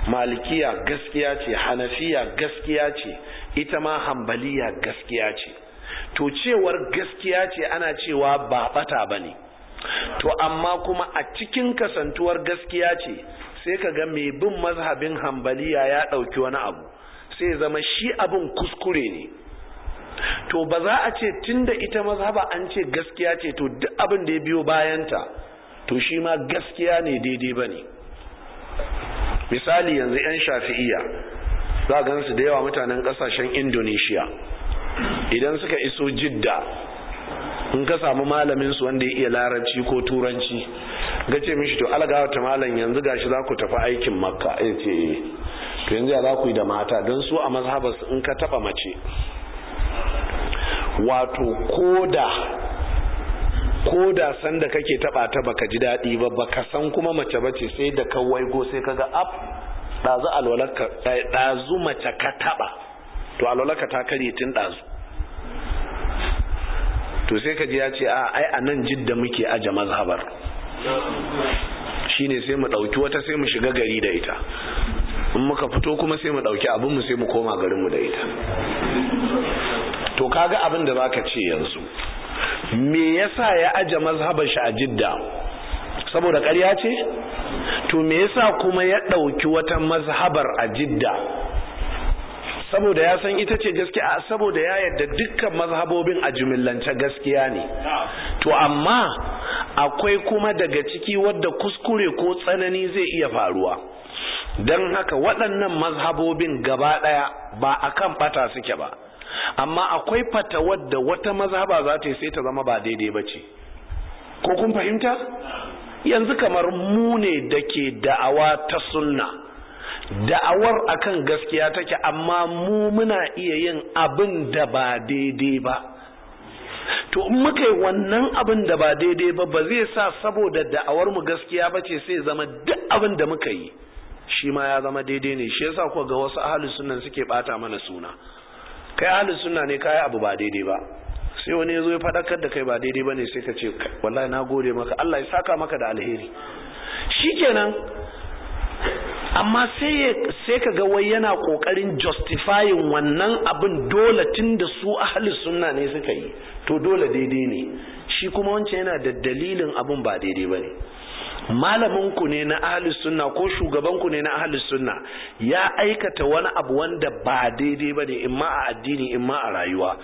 malikiya gaskiya ce hanafiya gaskiya ce ita ma hambaliya gaskiya ce to cewar gaskiya ce ana cewa ba bata ba ne to amma kuma a cikin kasantuwar gaskiya ce sai ka ga mai bin mazhabin hambaliya ya ɗauki wani abu sai zama shi abin kuskure ne to ba za a ce tunda ita mazhaba an ce gaskiya ce to duk abin da ya biyo bayanta to shi ma gaskiya ne daidai ba ne misali yanzu 'yan shafi'iya za a gansu da yawa mutanen ƙasashen indonesia idan suka iso jidda in ka samu malamin su wanda ya iya larabci ko turanci ga ce mishi to algawa ta malam yanzu gashi za ku tafi aikin makka ya ce eh. to yanzu ya za ku yi da mata don su a mazhabas in ka taba mace wato koda koda sanda kake taba ta baka ji daɗi ba baka san kuma mace ba ce sai da ka waigo sai kaga ab ɗazu alwalaka ɗazu mace ka taba to alwalaka ta karye tun ɗazu to sai ka ji ya ce a ai a nan jidda muke aje mazhabar shine sai mu ɗauki wata sai mu shiga gari da ita in muka fito kuma sai mu ɗauki abin mu sai mu koma garin mu da ita to kaga abin da baka ce yanzu me yasa ya aje mazhabar shi a jidda saboda ƙarya ce to me yasa kuma ya ɗauki wata mazhabar a jidda saboda ya san ita ce gaskiya saboda ya yadda dukkan mazhabobin a jimillance gaskiya ne to amma akwai kuma daga ciki wadda kuskure ko tsanani zai iya faruwa don haka waɗannan mazhabobin gaba ɗaya ba kan fata suke ba amma akwai fata wadda wata mazhaba za ta yi sai ta zama ba daidai ba ce ko kun fahimta yanzu kamar mu ne da ke da'awa ta sunna da'awar akan gaskiya take amma mu muna iya yin abin da ba daidai ba to in muka yi wannan abin da ba daidai ba ba zai sa saboda da'awar mu gaskiya ba ce sai zama duk abin da muka yi shi ma ya zama daidai ne shi yasa ko ga wasu ahlus sunnan suke bata mana suna kai ahlus sunna ne kai abu ba daidai ba sai wani ya zo ya faɗakar da kai ba daidai ba sai ka ce wallahi na gode maka Allah ya saka maka da alheri shikenan amma sai ka ga wai yana kokarin justifying wannan abin dole tun da su ahli sunna ne suka yi to dole daidai ne shi kuma wancan yana da dalilin abin ba daidai ba ne malamin ku ne na ahli sunna ko shugaban ku ne na ahli sunna ya aikata wani abu wanda ba daidai ba ne imma a addini imma a rayuwa